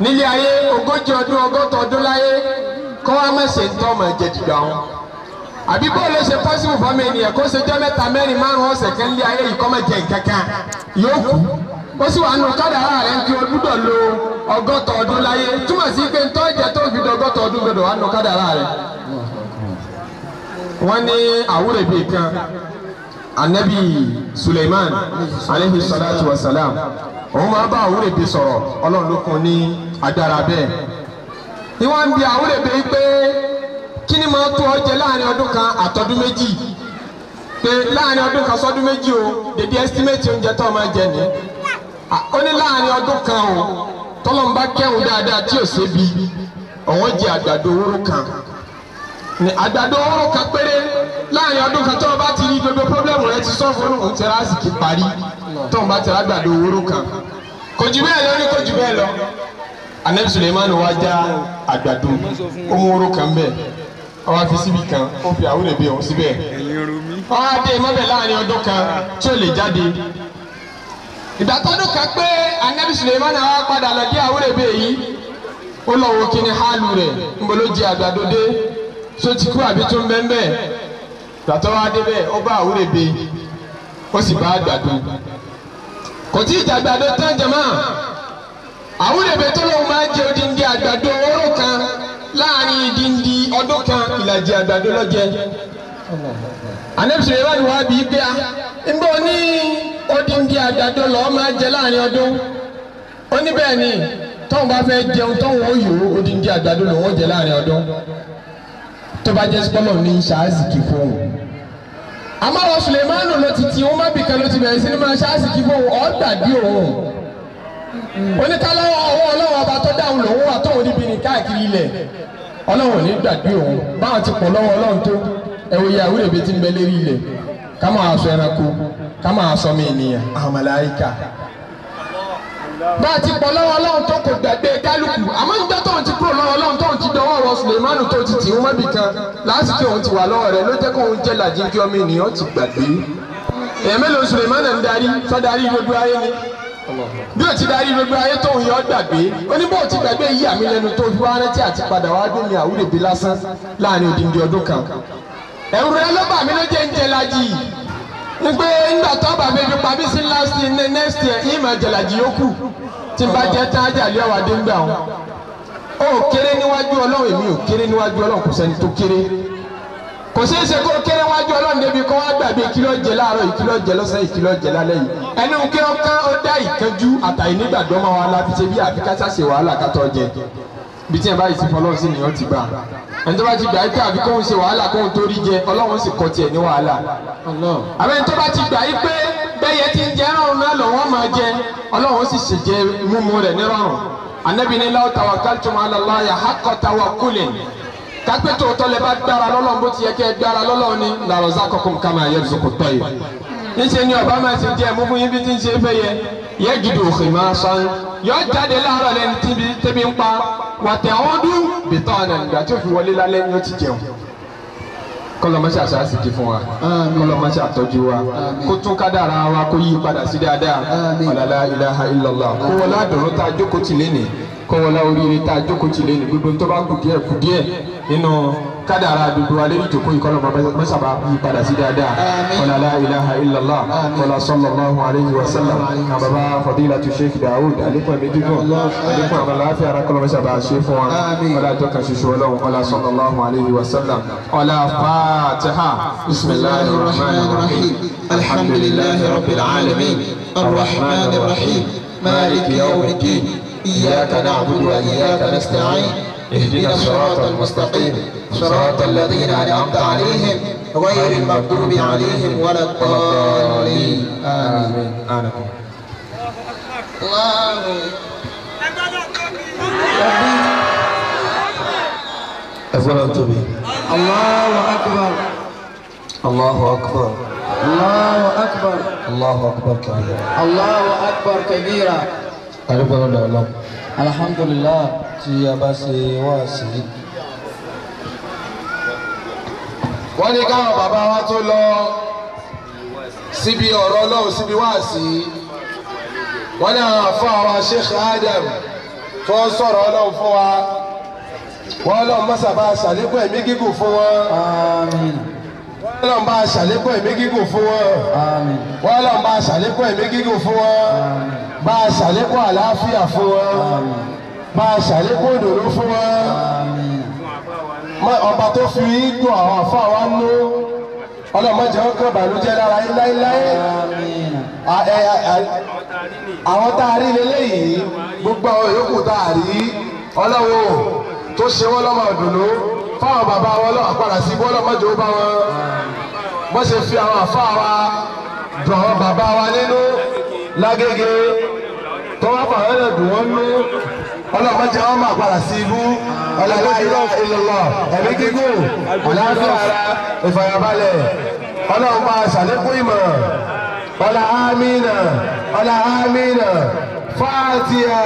nílé ayé ogójì ọdún ọgọ́ta ọdún láyé kọ́ wa mẹ́sẹ̀ ń tọ́ ọmọ ẹ̀jẹ̀ dìgbà wọn. àbí bọ́ọ̀lù ṣe pọ́sibù fún mi ènìyàn kó ṣe jẹ́ mẹ́ta mẹ́rin márùn-ún ọ̀sẹ̀ kan nílé ayé yìí kọ́ mọ̀ jẹ́ kankan yóò kú. ó sì wà nù ọ̀kadà ara rẹ̀ ń kí o gbúdọ̀ lo ọgọ́ta ọdún láyé túmọ̀ sí pé ntọ́ ẹ̀jẹ̀ tó fi dọ̀gọ́ta ọdún anabi suleiman aleyhi salatu wa salam òun máa bá àwúrẹ̀dẹ sọ̀rọ̀ ọlọ́run ló kún ní agbára bẹ́ẹ̀ ni ń bi àwúrẹ̀dẹ yìí pé kí ni máa tó ọ jẹ láàrin ọdún kan àtọdún méjì pé láàrin ọdún kan sọdún méjì o dèdè ẹsítímẹ́tì oúnjẹ tó máa jẹ ni ó ní láàrin ọdún kan o tọ́lọ́mbà kẹ́hùn dáadáa tí ò sébi ọ̀wọ́n jẹ àgbàdo owó kan àgbàdo ọ̀rọ̀ kan péré láàrin ọdún kan tó o bá ti rí gbogbo pọ́blẹ́mù rẹ ti sọ́ọ̀fù olóhùn tẹ́lásì kì í parí tó o bá ti rágbàdo owóró kan kò jù bẹ́ẹ̀ lọ ní kò jù bẹ́ẹ̀ lọ. anabi suleiman wa já àgbàdo ó mú owóró kan bẹ́ẹ̀ ó wá fi síbi kan ó fi àwúrẹ̀ bí ọ̀hún síbẹ̀ ó wá dé mọ́bẹ̀ láàrin ọdún kan tí ó lè jáde ìgbà tọdún kan pé anabi suleiman wa padà lọ dé àwúrẹ̀ bẹ́ẹ̀ yìí ó lọ wo kíni hálù rẹ̀ ńbọ̀ ló jẹ àgbàdo dé. tó ti kú àbí wa débẹ̀ ó bá ó sì bá àgbàdo kò tí ì dàgbàdo tán jama tó kan láàrin ìdindi ọdún kan ìlàjì àgbàdo anabisire wani wa bia nbọ ní odindi àgbàdo lọ́ọ́ máa jẹ láàrin ọdún bá fẹ́ jẹun ó yòó odindi àgbàdo jẹ tó bá jẹ́ sọ́lọ̀ ní ṣáàzìkì fóun amárọ̀ Sulemanu ló ti ti wọn má bìkan ló ti bẹ̀rẹ̀ sí máa fóun òun ọwọ́ ọlọ́wọ́ ọba tó dáhùn níbi ní káàkiri báwọn ti pọ̀ lọ́wọ́ ọlọ́run tó ẹ̀wọ̀ ìyá àwúrẹ̀ bíi ti ń bẹ lérí ilẹ̀ ká máa sọ ẹranko ká máa sọ bá a ti bọ̀ lọ́wọ́ ọlọ́run tó kò gbàgbé kálukú àmọ́ nígbà tó ń ti kúrò lọ́wọ́ ọlọ́run tó ń ti dọwọ́ ọ̀rọ̀ Suleimanu tó ti tì í wọ́n bì kan lásìkò òun ti wà lọ́wọ́ rẹ̀ ló jẹ́ kó òun jẹ́ làjì kí ọmọ ènìyàn ti gbàgbé. èèyàn mélòó Suleimanu ń darí sọ́darí gbogbo ayé ni bí o ti darí gbogbo ayé tó ń yọ gbàgbé oníbò ti gbàgbé yíyà mí lẹ́nu tó fi wá rántí àti padà wá dún ní àwúrẹ̀bí lásán láàrin òdìndín ọdún kan ẹ̀rù rẹ ló bà mí ló jẹ́ ń jẹ́ lajì yìí wípé nígbà tó bàbá mi pa mí sí last year next year yìí máa jàlàjì yókù tí n bá jẹ tán àjàlẹ́ àwọn adé ń gbà wọn. ó kéré níwájú ọlọ́run èmi ò kéré níwájú ọlọ́run kò sẹ́ni tó kéré kò ṣeé ṣe kó kéré wájú ọlọ́run débi kó wá gbàgbé ìkìlọ̀ jẹ láàárọ̀ ìkìlọ̀ jẹ lọ́sẹ̀ ìkìlọ̀ jẹ lálẹ́ yìí ẹnu kí ọkàn ó dá ìkanjú àtàyè nígbàdàn máa wà láti ṣe bí àfikásá wàhálà kátó jẹ bí tí yẹn bá yìí sí fọlọ́run sí nìyẹn ti gbà ẹni tó bá ti gbà yìí pé àbí kóun ṣe wàhálà kóun tó rí jẹ ọlọ́run sì kọ tiẹ̀ ní wàhálà àbẹ́ni tó bá ti gbà yìí pé bẹ́yẹ ti ń jẹ ẹran náà lọ́wọ́ máa jẹ ọlọ́run sì ṣèjẹ mímú rẹ̀ nírọ̀rùn anabi ni law tawakkaltum ala Allahi haqqa tawakkulih kápẹ́ tòótọ́ lẹ bá gbára lọ́lọ́run bó ti yẹ kẹ́ gbára lọ́lọ́run ni la yẹ́gidi òkèmá sàn yọ jáde láàárọ̀ lẹ́ni tíbi tẹ́bi ń pa wàtẹ̀ ọdún bìtọ́ ọ̀nà ìgbà tí ó fi wọlé lálẹ́ ni ó ti jẹun kọlọmọṣẹ àṣàṣì ti fún wa kọlọmọṣẹ àtọ́jú wa kó tún kádàrá wa kó yí padà sí dáadáa ọ̀làlá ilaha illallah kó wọlé àdùnnú tá a jókòó tì lé kó wọlé oríire tá a jókòó tì lé gbogbo tó bá kù díẹ̀ kù díẹ̀ nínú. kádàrá gbogbo alẹ́ ní ìjòkó ìkọlọ̀ mọ́sàbà yí padà sí dáadáa wàlá la ilaha illallah wàlá sallallahu alayhi wa sallam na baba fadilatu sheikh daoud alekun ẹ̀mí dídùn alekun àwọn aláfẹ́ ara kọlọ̀ mọ́sàbà ṣe fún wa wàlá tọ́ka ṣoṣo ọlọ́run wàlá sallallahu alayhi wa sallam wàlá fatiha bisimilahi rahman rahim alhamdulilahi rabbil alamin arrahman rahim maliki yawmiddin iyaka na'budu wa iyaka nasta'in اهدنا الصراط المستقيم صراط الذين أنعمت عليهم غير المغضوب عليهم ولا الضالين آمين آمين الله أكبر الله أكبر الله أكبر الله أكبر الله أكبر كبيرا الله أكبر كبيرا أكبر العلم الحمد لله تي أباسي واسي wọ́n ní káwọn bàbá wa tó lọ síbi ọ̀rọ̀ ọlọ́run síbi wáàsí wọ́n ní àwọn àfọ àwọn Sheikh Adam tó ń sọ̀rọ̀ ọlọ́run fún wa wọ́n lọ́ọ́ mọ́sàbá ṣàlékún ẹ̀mí gígùn fún wọn. Àmín wọ́n bá ṣàlékún ẹ̀mí gígùn fún wọn wọ́n bá ṣàlékún ẹ̀mí gígùn fún wọn bá ṣàlékún àlàáfíà fún wọn bá ṣàlékún òdòdó fún wọn ọba tó fi dùn àwọn àfa wa nú ọlọ́mọdé wọn kàn bàlújẹ́ lára láéláé àwọn tá a rí lélẹ́yìí gbogbo àwọn yòókù tá a rí ọlọ́wọ́ tó ṣe wọ́n lọ́mọ ìdùnnú fáwọn bàbá wọn lọ́wọ́ àpàdà sí bọ́ lọ́mọdé ó bá wọn wọ́n ṣe fi àwọn àfa wa dùn àwọn bàbá wa nínú lágége tó wá fàwọn ẹ̀dùn wọn nú ọlọ́mọ jẹ́ ọmọ àpàrà sí ibú ọlọ́láyà ìlọlọ ẹ̀mí gígùn ọ̀làdùn ara ìfọ̀yàbalẹ̀ ọlọ́mọ àṣàlékún ìmọ̀ ọlá amínà ọlá amínà fàtíà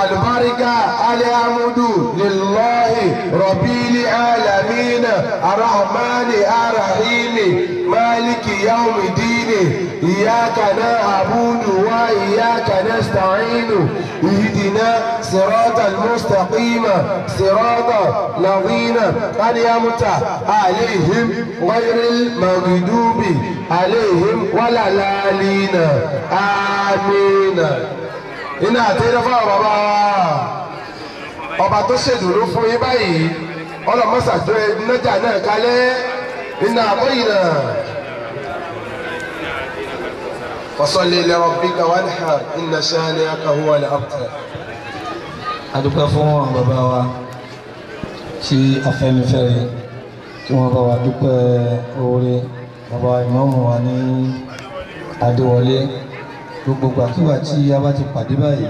albarika alihamudu lillahi rabili alamina arahmani arahimi maliki yaumidi. نستعين إياك نعبد وإياك نستعين اهدنا صراط المستقيم صراط الذين أنعمت عليهم غير المغضوب عليهم ولا الضالين آمين iná àtẹ́rẹ́ fún àwọn bàbá wa ọba tó ṣèdúró fún yín báyìí ọlọ́mọ́sàjọ́ ẹ̀ nájà náà kalẹ̀ iná àbọ̀yìn náà. فصل لربك وانحر إن شانئك هو الأبتر adúpẹ́ fún àwọn bàbá wa tí Afẹ́nifẹ́re tí wọ́n bá wa dúpẹ́ oore bàbá ìmọ̀ọ́mù wa ní Adéwọlé gbogbo gbàkúgbà tí a bá ti pàdé báyìí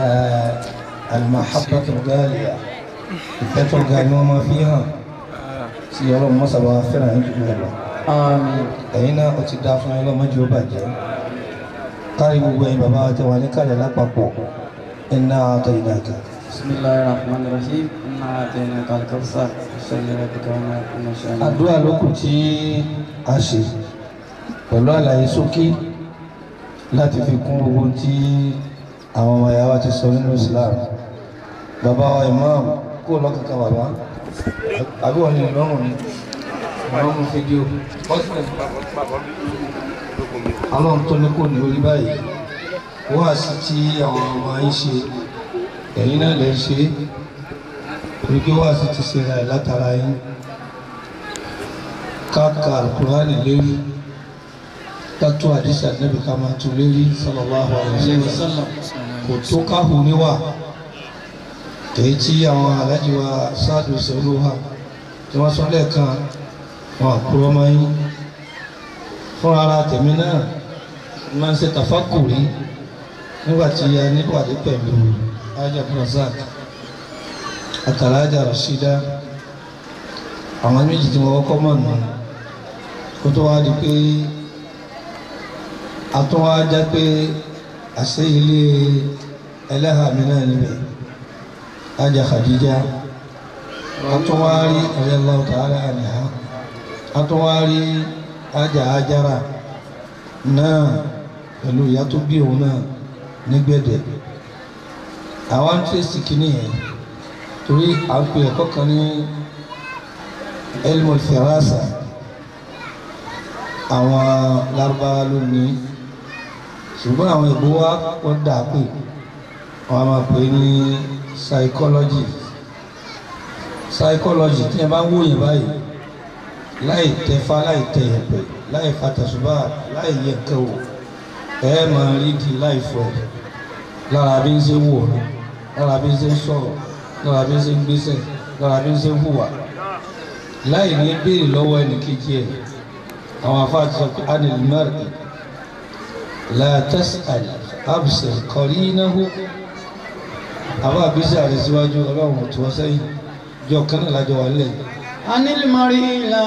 eh, alimahabba tó ga àlìyà ìfẹ́ tó ga ni wọ́n máa fi hàn tí ọlọ́run mọ́sàbá fẹ́ràn yín jùlọ àmín ẹ̀yin náà ó ti dáa fún yín lọ́mọdé ó bàjẹ́ kárí gbogbo ẹ̀yin bàbá àti wà ní kàlẹ́ lápapọ̀ iná àtọ̀ ìdàkà. bisimilayi rahman rahim iná àtọ̀ ìdàkà kọ́sà ìṣẹ̀lẹ̀ ẹ̀dẹ̀kà ọmọ ìṣẹ̀lẹ̀. àdúrà ló kù tí a ṣe pẹ̀lú àlàyé ṣókí láti fi kún gbogbo tí àwọn ọmọ ìyá ti sọ nínú Islam bàbá wa imam kó lọ́kàkà bàbá àbí wọn ni ìlọrùn ni ọmọ fèdè o bọ́sẹ̀ ọlọ́run tó ní kò ní orí báyìí wọ́n àṣì tí àwọn ọmọ yìí ṣe ẹ̀yìn náà lè ṣe torí pé wọ́n àṣì ti ṣe ra ẹ̀ látara yín káàkà alukurani lérí tatu àdìsí ànábì ká máa tún lérí sallallahu alaihi wasallam kò tó káhùn níwà èyí tí àwọn alájíwá sáàdù sọlọ́wà tí wọ́n sọ lẹ́ẹ̀kan wọn àkúrọ́ mọ́ yín fúnra ara tèmi náà máa ń ṣe tàfákùrí nígbà tí a nípàdé pẹ̀lú ajá brazak àtàlájà rashida àwọn méjì tí wọ́n kọ́ mọ̀ nù kó tó wá di pé a tún wá pé àṣẹ ilé ẹlẹ́hàá mi náà níbẹ̀ ajá khadija a tún wá rí ọ̀rẹ́ lọ́wọ́ atọ́wárí ajá ajára náà pẹ̀lú ìyá tó bí òun náà nígbẹ̀dẹ̀ àwa ń tẹ̀sí kínní yẹn torí à ń pè ẹ̀kọ́ kan ní elmul firasa àwọn lárúbáwá ló ní ṣùgbọ́n àwọn wa wọ́n dà pé wọ́n a máa pè é ní psychology psychology tí yẹn bá ń láì tẹfá láì tẹyẹpẹ láì fatàṣùbà láì yẹkẹ wò ẹ máa rí di láì fọ ẹ lára bí ń ṣe wò ọ lára bí ń ṣe sọ̀rọ̀ lára bí ń ṣe gbéṣẹ lára bí ń ṣe hùwà láì ní béèrè lọ́wọ́ ẹnìkejì ẹ àwọn afáàtì sọ pé anil mẹ́rin látẹ́sàlì absel kọrí náà àwọn àbíṣe àrẹ síwájú ọlọ́run tí wọ́n jọ kánà wà lẹ́yìn anil marila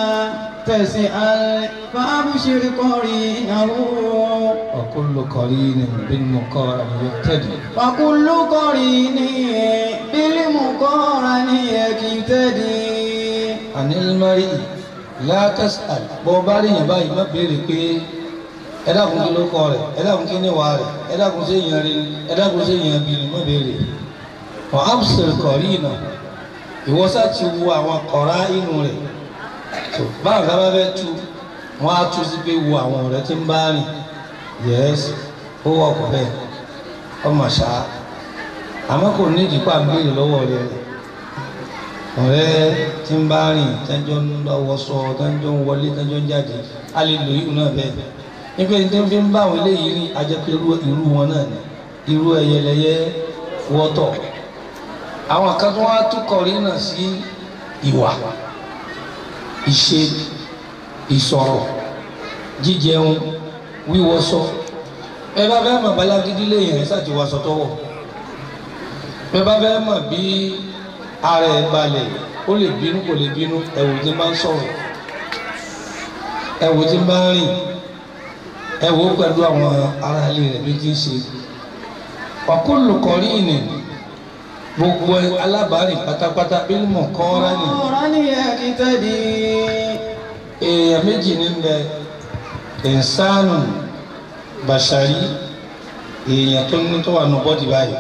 tẹ̀sí alẹ́ fàbùsìr kọ́rìnàwó. ọ̀kúlù kọ́rìnì bílmù kọ́ra ni yóò tẹ̀lé. ọ̀kúlù kọ́rìnì bílmù kọ́ra ni yẹ kí n tẹ̀lé. anil marila látẹ̀sí alẹ́ bọ́ bá rí yẹn báyìí má béèrè pé ẹ dákun kí ló kọ rẹ̀ ẹ dákun kí ni wàá rẹ̀ ẹ dákun sí èèyàn rí ẹ dákun sí èèyàn bí ni má béèrè. fàbùsìr kọ́rìnà. ìwọ sá ti wo àwọn kọ̀ọ̀rá inú rẹ̀ tó báwọn kan bá fẹ́ tu wọ́n á tu sí pé wo àwọn ọ̀rẹ́ tí ń bá rìn yes ó wọ̀ kọ́ bẹ́ẹ̀ ọmọ ṣá àmọ́ kò ní ìdíkọ́ àgbèrè lọ́wọ́ rẹ̀ ọ̀rẹ́ tí ń bá rìn sọ tẹ́jọ́ ń wọlé tẹ́jọ́ ń jáde lè náà bẹ́ẹ̀ nígbà tí fi ń bá àwọn eléyìí rìn ajẹ́pẹ́ irú wọn náà irú àwọn kan tó wá túkọ̀ rí náà sí ìwà ìṣe ìsọ̀rọ̀ jíjẹun wíwọṣọ ẹ bá fẹ́ mọ̀ báyà gidi léèyàn ẹ̀sà ti wàṣọ tọwọ́ ẹ bá fẹ́ mọ̀ bí ara ẹ̀ balẹ̀ ó lè bínú kò lè bínú ẹ̀wò tí máa ń sọ̀rọ̀ ẹ̀wò tí máa ń rìn ẹ̀wò pẹ̀lú àwọn aráalé rẹ̀ bí ń ṣe ọ̀kúlùkọ̀rí ìnìyàn gbogbo alábàárìn pátápátá bílímù kọ́ra ni. kọ́ra ni ẹni tẹ́lẹ̀. èèyàn méjì ní bẹ ìnsánù bàṣàrí èèyàn tó ní tó wà nù bọ́dì báyìí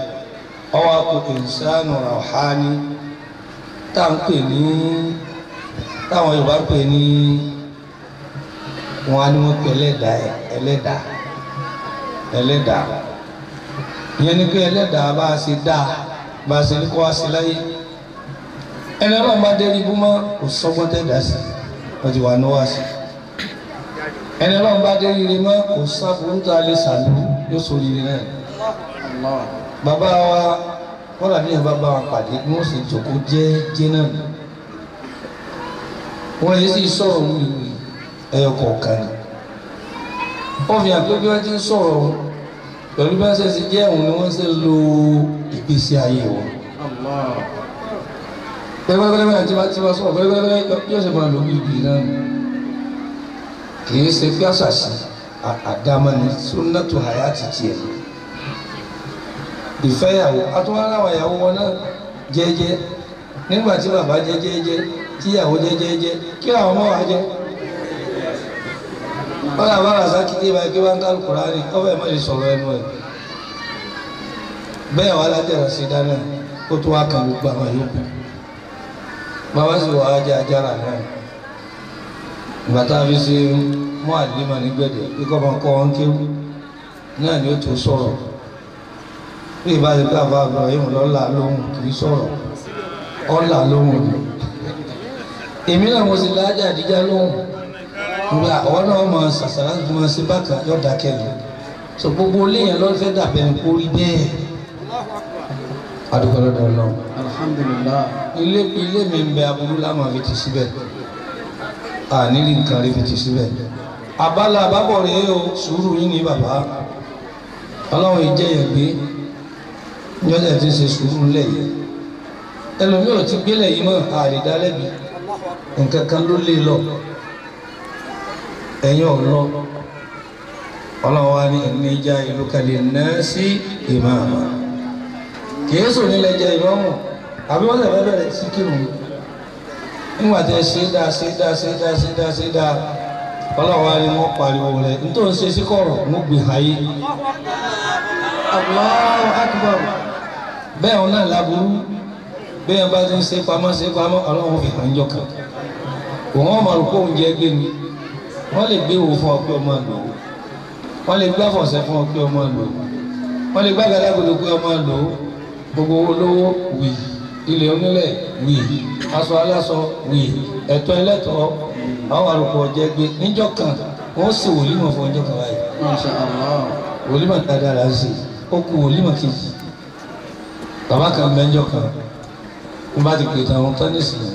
ọwọ́ àpò ìnsánù ràwùhání tá à ń pè ní táwọn Yorùbá ń pè ní wọn á ní wọn pè ẹlẹ́dàá ẹlẹ́dàá ẹlẹ́dàá ìyẹn ni pé ẹlẹ́dàá bá a ṣe dáa bàṣẹ ní kó wá sí láyé ẹni ọlọ́run bá dẹ́rí ibú mọ́ kò sọ́gbọ́n tẹ̀dá sí wọ́n ti wà ní wá sí ẹni ọlọ́run kò sábúrú tá a lè yóò sọ rire náà bàbá wa kọ́lá ní ìyàbá bá wa pàdé ni wọ́n sì jòkó jẹ́ẹ́jẹ́ náà wọ́n yìí sì sọ̀rọ̀ wíwì ẹ̀yọkọ̀ọ̀kan ó fi hàn pé bí wọ́n ti ń sọ̀rọ̀ pẹ̀lú bá ṣe ṣe jẹ́ òun ni wọ́n ṣe lo ìgbésí ayé wọn. pẹ́pẹ́pẹ́pẹ́ àti wọ́n ti wá sọ̀rọ̀ pẹ́pẹ́pẹ́ yóò ṣe máa lò bí ibi náà kì í ṣe fíàṣàṣì àdámọ́ni sunnatu hayati tiẹ̀ ìfẹ́yàwó atúwáráwà ìyàwó wọn náà jẹ́jẹ́ nígbà tí bàbá jẹ́ tíyàwó jẹ́ kí àwọn ọmọ wa jẹ́ báyà báyà sákìtì báyà kí wọn kálukú rárẹ kọfẹ má ṣe sọ̀rọ̀ ẹnu ẹ bẹ́ẹ̀ wà lájàrá sí dáná kó tó wá kàn gbogbo àwọn yòókù bàbá sì wà á jẹ ajára náà ìgbà fi ṣe mú àlímà nígbẹdẹ kíkọ́ máa kọ́ ọ́n kéwú náà ni ó tó sọ̀rọ̀ bí ìbáyé pé àbá Ibrahim lọ́la lóhùn kì í sọ̀rọ̀ ọ̀la lóhùn ni èmi náà mo sì lájà àdíjá lóhùn nígbà àwọn náà mọ sàṣàrà mọ sí bákan yóò dákẹ́ lọ so gbogbo léèyàn ló fẹ́ dàbẹ̀ kó rí bẹ́ẹ̀ adúgbò lọ́dọ̀ Ọlọ́run alhamdulillah ilé ilé mi ń bẹ aburú láwọn àfi ti síbẹ̀ ànílì nǹkan rí fi ti síbẹ̀ abala àbábọ̀ rèé o sùúrù yín ní bàbá Ọlọ́run ìjẹyẹ̀ gbé yọjọ ti ṣe sùúrù ńlẹ̀ yìí ẹlòmíràn ti gbélé yìí mọ́ àrídálẹ́bi nǹkan kan ló lé lọ. ẹ̀yin ọ̀lọ́ ọlọ́wọ́ ní ìníjà ìlú kalẹ̀ náà sí ìmáàmù kìí sùn nílẹ̀ jẹ́ ìmáàmù àbí wọ́n tẹ̀lé bẹ̀rẹ̀ sí kírun nígbà tẹ ṣe dá ṣe dá ṣe dá ṣe dá ṣe dá pariwo rẹ̀ nítorí ṣe sí kọ̀rọ̀ wọ́n gbé bá ti ń ṣe ṣe fi hàn jọ òun ọmọ kó oúnjẹ wọ́n lè gbé owó fún ọ pé ọmọ lò ó wọ́n lè gbé àfọ̀sẹ́ fún ọ pé ọmọ lò ó wọ́n lè gbé àgàdàgodo pé ọmọ lò ó gbogbo olówó wì ilẹ̀ onílẹ̀ wì aṣọ aláṣọ wì ẹ̀tọ́ ẹlẹ́tọ́ àwọn àrùkọ jẹ gbé níjọ́ kan wọ́n sì wòlímọ̀ fún ọjọ́ kan báyìí wòlímọ̀ dáadáa là ń sè ó kú wòlímọ̀ kejì bàbá kan mẹ́jọ kan wọ́n bá ti pè tán wọ́n tán nísìnyí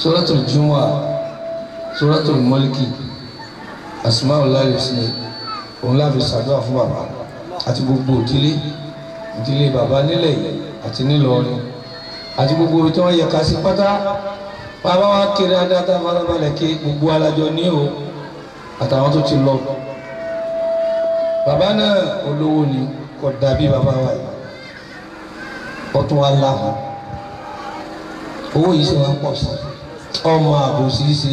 suratul jumu'a suratul mọ́líkì asmaulayi husna òun láfi ṣàdúrà fún bàbá àti gbogbo òtílé ìdílé bàbá nílẹ̀ yìí àti nílọrin àti gbogbo ibi tí wọ́n yẹ ká sí pátá bàbá wa kiri adáta farabalẹ̀ ké gbogbo alájọ ní o àtàwọn tó ti lọ bàbá náà olówó ni kò dàbí bàbá wa yìí ọtún wa láhùn owó yìí ṣe wá pọ̀ sí ọmọ àbòsí ṣe.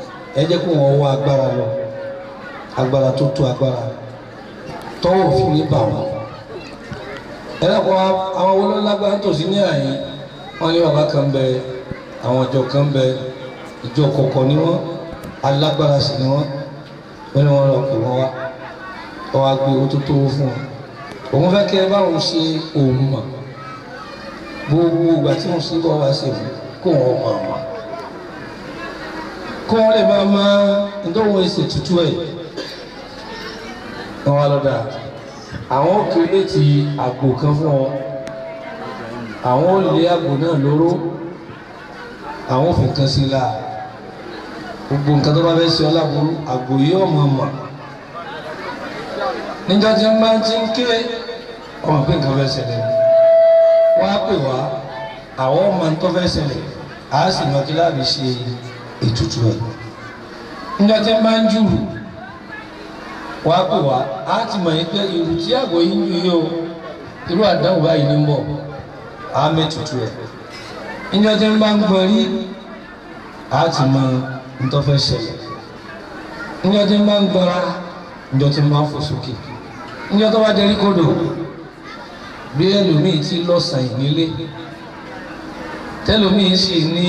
ẹ jẹ́ kó wọ́n wá agbára lọ agbára tó tó agbára tọ́wọ́ òfin ní bà wọ́n ẹ lọ́kọ̀ àwọn owó lọ́lágbára tòsí ní àyè wọ́n ní bàbá kan bẹ àwọn ọjọ́ kan bẹ ìjọ kọ̀ọ̀kan ni wọ́n alágbára sì ni wọ́n wọ́n ní wọ́n lọ pè wọ́n wá wọ́n wá gbé owó tó tó fún wọn òun fẹ́ kí ẹ báwọn ṣe òun mọ̀ gbogbo ìgbà tí wọ́n ṣe bọ́ wá ṣe fún kó wọ́n mọ̀ ọ́n kọ́ lè bá má Don't waste ṣe tutù ẹ̀ wọn wá lọ́dà àwọn kìrìtì àgbò kan fún ọ àwọn olè àgbò náà lóró àwọn òfin kan I la gbogbo nǹkan tó bá fẹ́ ṣe ọláburú àgbò yìí ọmọ mọ̀ níjọ tí ń bá ti ń ké ọmọ pé nǹkan fẹ́ I wọ́n á pè wá àwọn ọmọ tó fẹ́ ṣẹlẹ̀ àá sì ètùtù ẹ̀ ńdọ́tẹ́ máa ń jùrù wá pè wá á ti mọ̀ yín pé irú tí àgọ́ yín yú yó irú àdáwò báyìí ní bọ̀ á mẹ́tùtù ẹ̀ ńdọ́tẹ́ ń rí á ti mọ ntọ́fẹ́ ṣẹlẹ̀ ńdọ́tẹ́ máa ń gbọ́ra ńdọ́tẹ́ máa ń fò sókè ńdọ́tẹ́ ti lọ́sàn-án nílé sì ní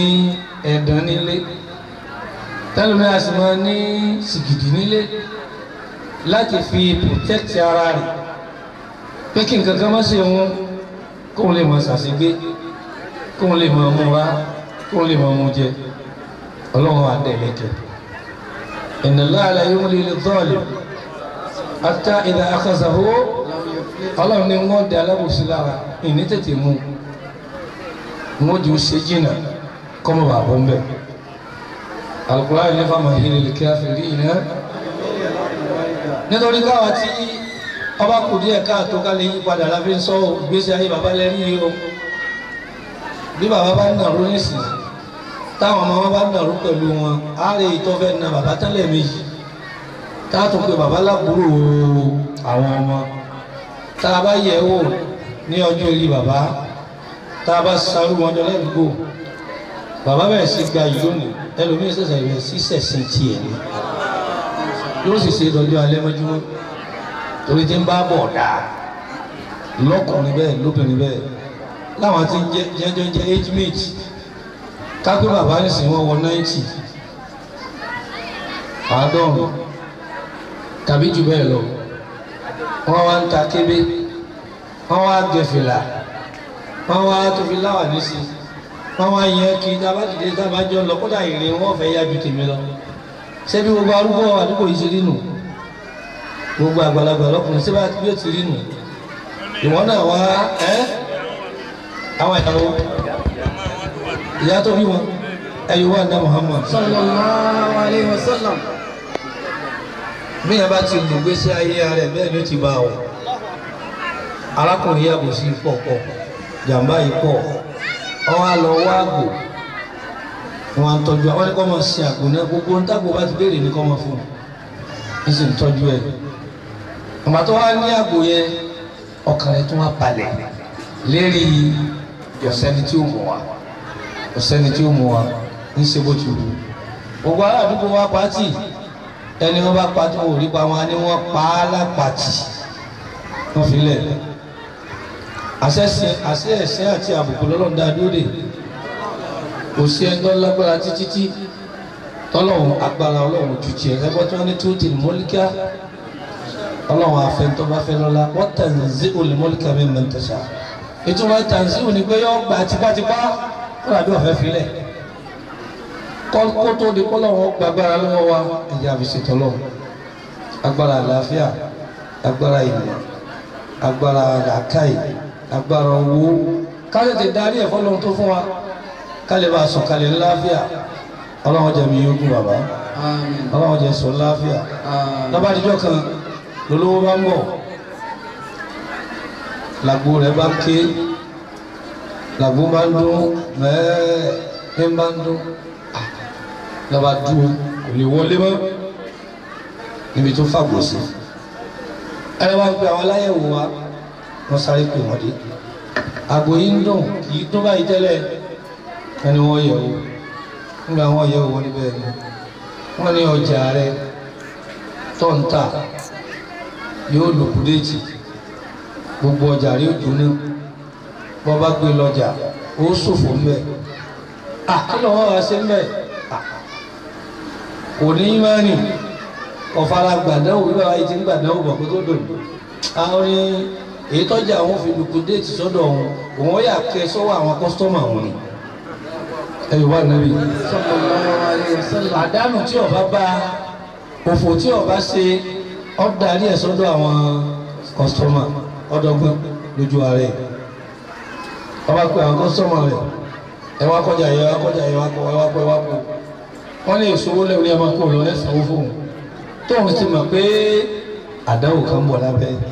tẹlifí a sì máa ní sìgìdì nílé láti fi protect ara rẹ̀ pé kí nǹkan kan má ṣe wọn kóun lè máa ṣàṣegbé kóun lè máa mú wá kóun lè máa mú jẹ ọlọ́run àdẹ̀lẹ́kẹ̀ ìnàlá àlàyé wọn lè lè tọ́ọ̀lù ata ìdá akásàwó ọlọ́run ni wọ́n dẹ alábòsí lára ìní tètè mú wọn jù ú ṣe jìnnà kọ́mọ̀ bàbá ń bẹ̀ alukurani ní fama yìí lè kí a fi rí iná nítorí káwa tí ọba kù díẹ̀ káàtó ká lè yí padà la fi ń sọ ìgbésí ayé baba lẹ́nu yìí o bí baba bá ń nàró nísìnyí táwọn ọmọ wọn bá ń nàró pẹ̀lú wọn á lè tọ́ fẹ́ na baba tẹ́lẹ̀ bàbá bẹ̀rẹ̀ sí gba yìí lónìí ẹlòmíín sẹ̀sẹ̀ rẹ̀ sísẹ̀ sí tiẹ̀ ni yóò sì ṣe ìdọ́jú alẹ́ mọ́júmọ́ torí tí ń bá bọ̀ dáa lọ́kùnrin bẹ́ẹ̀ lóbìnrin bẹ́ẹ̀ láwọn tí ń jẹ́ jẹ́ jẹ́ age mate kápẹ́ bàbá nìsín wọn wọ náìtì àádọ́rùn tàbí jù bẹ́ẹ̀ lọ wọ́n wá ń ta kébé wọ́n wá gẹ̀fìlà wọ́n wá tó fi láwà nísìnyí. báwọn yẹn kí dábàá dìde dábàá jọ lọ kódà èrè wọn fẹ́ yá ju tèmi lọ ṣebí gbogbo arúgbó àdúgbò yìí ṣe rí nù gbogbo àgbàlagbà lọkùnrin ti rí nù náà wá ẹ àwọn ìyàwó ìyá tó bí wọn ẹyọ wà ní Muhammad. yẹn bá ti lù gbèsè ayé rẹ ni ó ti bá wọn arákùnrin yàgò sí yìí ọwọ́ á lọ wá àgbò wọn á tọ́jú àwọn ẹni kọ́ máa ṣe àgbò náà gbogbo ní tàgbò bá ti béèrè ní kọ́ máa fún un ní sì ń tọ́jú ẹ̀ ọ̀gbà tó wá ní àgbò yẹn ọkàn rẹ̀ tó wá balẹ̀ lérí ọ̀sẹ́ni tí ó mú wa ọ̀sẹ́ni tí ó mú wa ń ṣe bó ti wù gbogbo ará àdúgbò wa pàtì ẹni wọn bá pàtó òrí pa wọn ni wọn pa á lápàtì wọn fi lẹ̀ lẹ́ àṣẹ ẹ̀ṣẹ̀ àti àbùkù lọ́lọ́run dá dúró dè kò sí ẹni tó lágbára títí tí tọ́lọ́run agbára ọlọ́run ju tiẹ̀ ẹgbẹ́ tí wọ́n ní tún ti mọ́líkà ọlọ́run afẹ́ntọ́ bá fẹ́ lọ́la wọ́n tàǹzí olè mọ́líkà mi mọ̀ tẹ̀sà ìtumọ̀ tàǹzí òní pé yọ gbà tipátipá kọ́ra bí ọ̀fẹ́ filẹ̀ kọ́kọ́ tó di kọ́lọ́run gbàgbára lọ́wọ́ wa ẹ̀yà àbíṣetọ́ lọ́wọ́ agbára àlàáfíà agbára ìlú agbára làákàyè agbára owó kálẹ̀ ti darí ẹ̀fọ́ lóhun tó fún wa kálẹ̀ bá a sùn kálẹ̀ láàfíà ọlọ́run jẹ̀mí yókù bàbá ọlọ́run jẹ̀ sùn láàfíà lọ́ba àdìjọ́ kan lolówó bá ń bọ̀ làgbo rẹ̀ bá ń ké làgbo bá ń dún mẹ́ẹ̀ẹ́ ń bá ń dún lọ́ba dúró kò lè wọlé mọ́ níbi tó fàgbọ́ sí ẹ wá ń pe àwọn aláyẹ̀wò wa wọ́n sáré pè wọ́n dé àgbo yìí ń dùn kì í tó báyìí tẹ́lẹ̀ ẹni wọ́n yẹ̀ wò nígbà wọ́n yẹ̀ wò níbẹ̀ ni wọ́n ní ọjà rẹ tọ́ǹtà yóò lòkúdéjì gbogbo ọjà rí òjòná bọ́ bá gbé lọ́jà ó ṣòfò ńbẹ̀ kí ló wọ́n wá ṣe ńbẹ̀ kò ní í máa rìn ọ̀fara gbàdánwò wíwá ìdí gbàdánwò bọ̀ kó tó dòdò àwọn ní èyí tọ́jà àwọn fi lùkúdéètì sọ́dọ̀ wọn òun yà kẹ́ sọ́wọ́ àwọn kọ́sítọ́mù àwọn ni ẹ̀yọ̀ wà nàbí. àdánù tí ọba bá òfò tí ọba ṣe ó darí ẹ̀ sọ́dọ̀ àwọn kọ́sítọ́mù ọ̀dọ́gbọ́n lójú ààrẹ ọba pé àwọn kọ́sítọ́mù rẹ̀ ẹ wá kọjá ẹ wá kọjá ẹ wá kọ ẹ wá kọ ẹ wá kọ wọn lè sọwọ́ lẹ́wọ̀n ní ẹ máa kó lọ ẹ sanwó fóun tóun ti mọ̀ pé àdánù kan bọ̀ lábẹ́ yìí.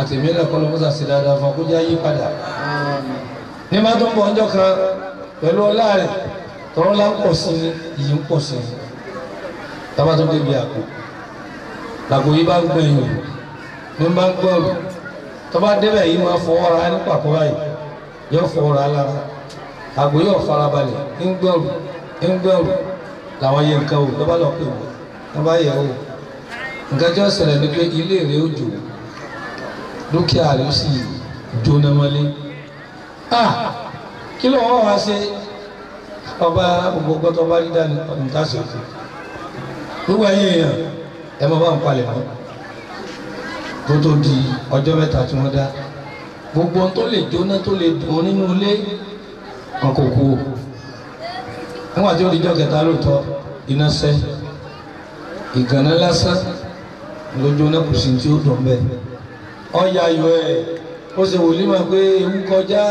àtẹ̀mí náà kọ́ musa mọ́sà sí dáadáa fún akójá yí padà ní má tó ń bọ̀ ọjọ́ kan pẹ̀lú ọlá rẹ̀ tọ́rọ́ la ń pọ̀ sí i yìí ń pọ̀ sí i tábà tó débi àpò làgbo yìí bá ń gbẹ̀yìn ní bá ń gbọ́rù tọ́ba débẹ̀ yìí máa fọwọ́ ra ní pàkó báyìí yóò fọwọ́ ra lára àgbo yóò farabalẹ̀ ń gbọ́rù ń gbọ́rù làwọn yẹ nǹkan wò tọ́ba lọ pè wò tọ́ba yẹ wò nǹkan jẹ́ ọ̀sẹ̀ rẹ̀ ilé rẹ̀ ó jò wò dúkìá rẹ̀ ó sì jóná mọ́lé kí ló wọ́n wá ṣe ọba gbogbo tó bá rí dání ọdún tá a ṣe fún gbogbo ẹ̀yin èèyàn ẹ máa bá ń palẹ̀ mọ́ tó tó di ọjọ́ mẹ́ta tí wọ́n dá gbogbo ohun tó lè jóná tó lè dùn nínú ilé wọn kò kú o níwọ̀n tí ó di ọjọ́ kẹta lóòótọ́ iná sẹ́ ìgànnà lásán lójú náà kò sí tí ó dùn bẹ́ẹ̀. ọyà ose ẹ̀ ó ṣe wòlímọ̀ pé ewu kọjá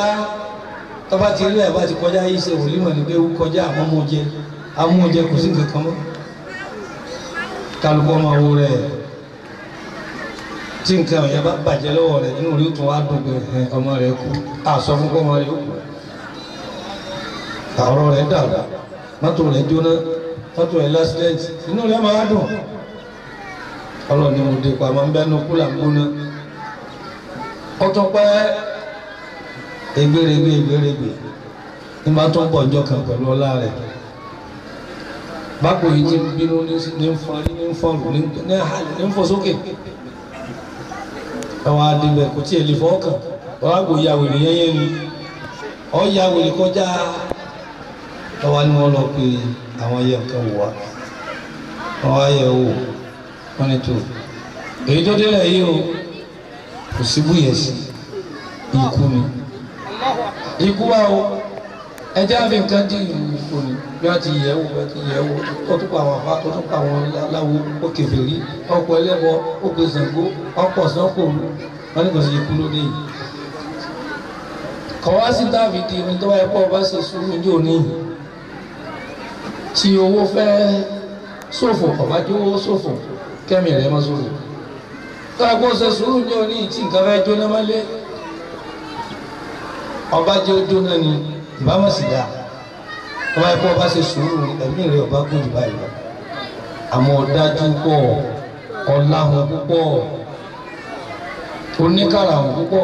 tọ́ba ti rí ẹ̀ bá ti kọjá yìí ṣe wòlímọ̀ ni pé ewu kọjá àmọ́ mo jẹ kò sí kankan mọ́ kálukú ọmọ wo rẹ̀ tí nǹkan ọ̀yẹ́ bá bàjẹ́ lọ́wọ́ rẹ̀ inú rí tún wá dùn ọmọ kú fún kọ́ ọmọ kú jóná dùn ọlọ́ọ̀ni ó tún egberegbe ègbèrègbè ègbèrègbè ní bá tó ń bọ̀ ọjọ́ kan ọlá bákò yìí ti bínú ní ń ní kò tí lè ya wèrè ni ọ ya wèrè kọjá ọwọ́ ni lọ pé àwọn nǹkan wò wá wò ni tó èyí kò sí bú yẹn o ẹjẹ àfi nǹkan dín ikú ni bí wọn ti yẹ wo wọn ti yẹ wo kótó pa àwọn àfa kótó pa àwọn aláwo ó kèfèrí ọkọ ẹlẹbọ ó gbé Ṣàngó ọkọ sọkò wọn ní kò sí ikú ló dé yìí kọ̀wá sí dáàbìdì mi tó wáyé pọ̀ bá ṣe sùúrù ní òní tí owó fẹ́ ṣòfò kọ̀wá jówó ṣòfò kẹ́mi rẹ̀ mọ́ sófò tọ́lápọ̀ ṣe sùúrù ní òní tí nǹkan fẹ́ jóná mọ́lé ọba jẹ́ jóná ni ìbámu sì dáa ọba ẹ̀kọ́ ọba ṣe sùúrù ẹ̀mí rẹ̀ ọba kò jù báyìí lọ àmọ́ dájú pọ̀ ọ̀làhùn púpọ̀ oníkàràhùn púpọ̀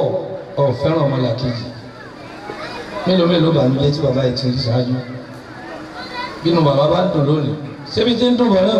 ọ̀fẹ́ràn ọmọlàkejì mélòó mélòó bàmí jẹ́ tí bàbá yìí ti rí ṣáájú bínú bàbá bá dùn lónìí ṣébi tí ń dùn bọ̀ náà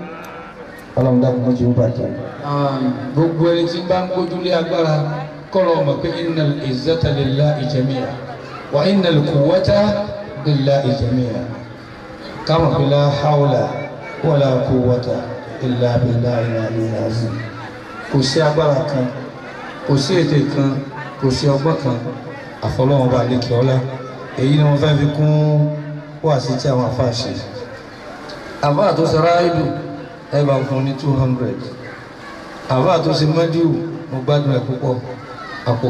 kọ́lọ́mùdá kò mọ̀ jẹ́ ó bàjẹ́. gbogbo ẹni tí bá ń gbójúlé agbára kọ́rọ̀ ọmọ pé innal izzata lillahi jami'a wa innal quwwata lillahi jami'a kama bila hawla wala quwwata illa billahi aliyyil azim. kò sí agbára kan kò sí ètè kan kò sí ọgbọ́n kan àfọlọ́wọn bá lékè ọlá èyí ni wọ́n fẹ́ fi kún wàásù tí àwọn àfáà ṣe. tó sara ìlú. ẹ bá fún ní two hundred àbá àtúnṣe mọ́díù mo gbádùn ẹ̀ púpọ̀ àpò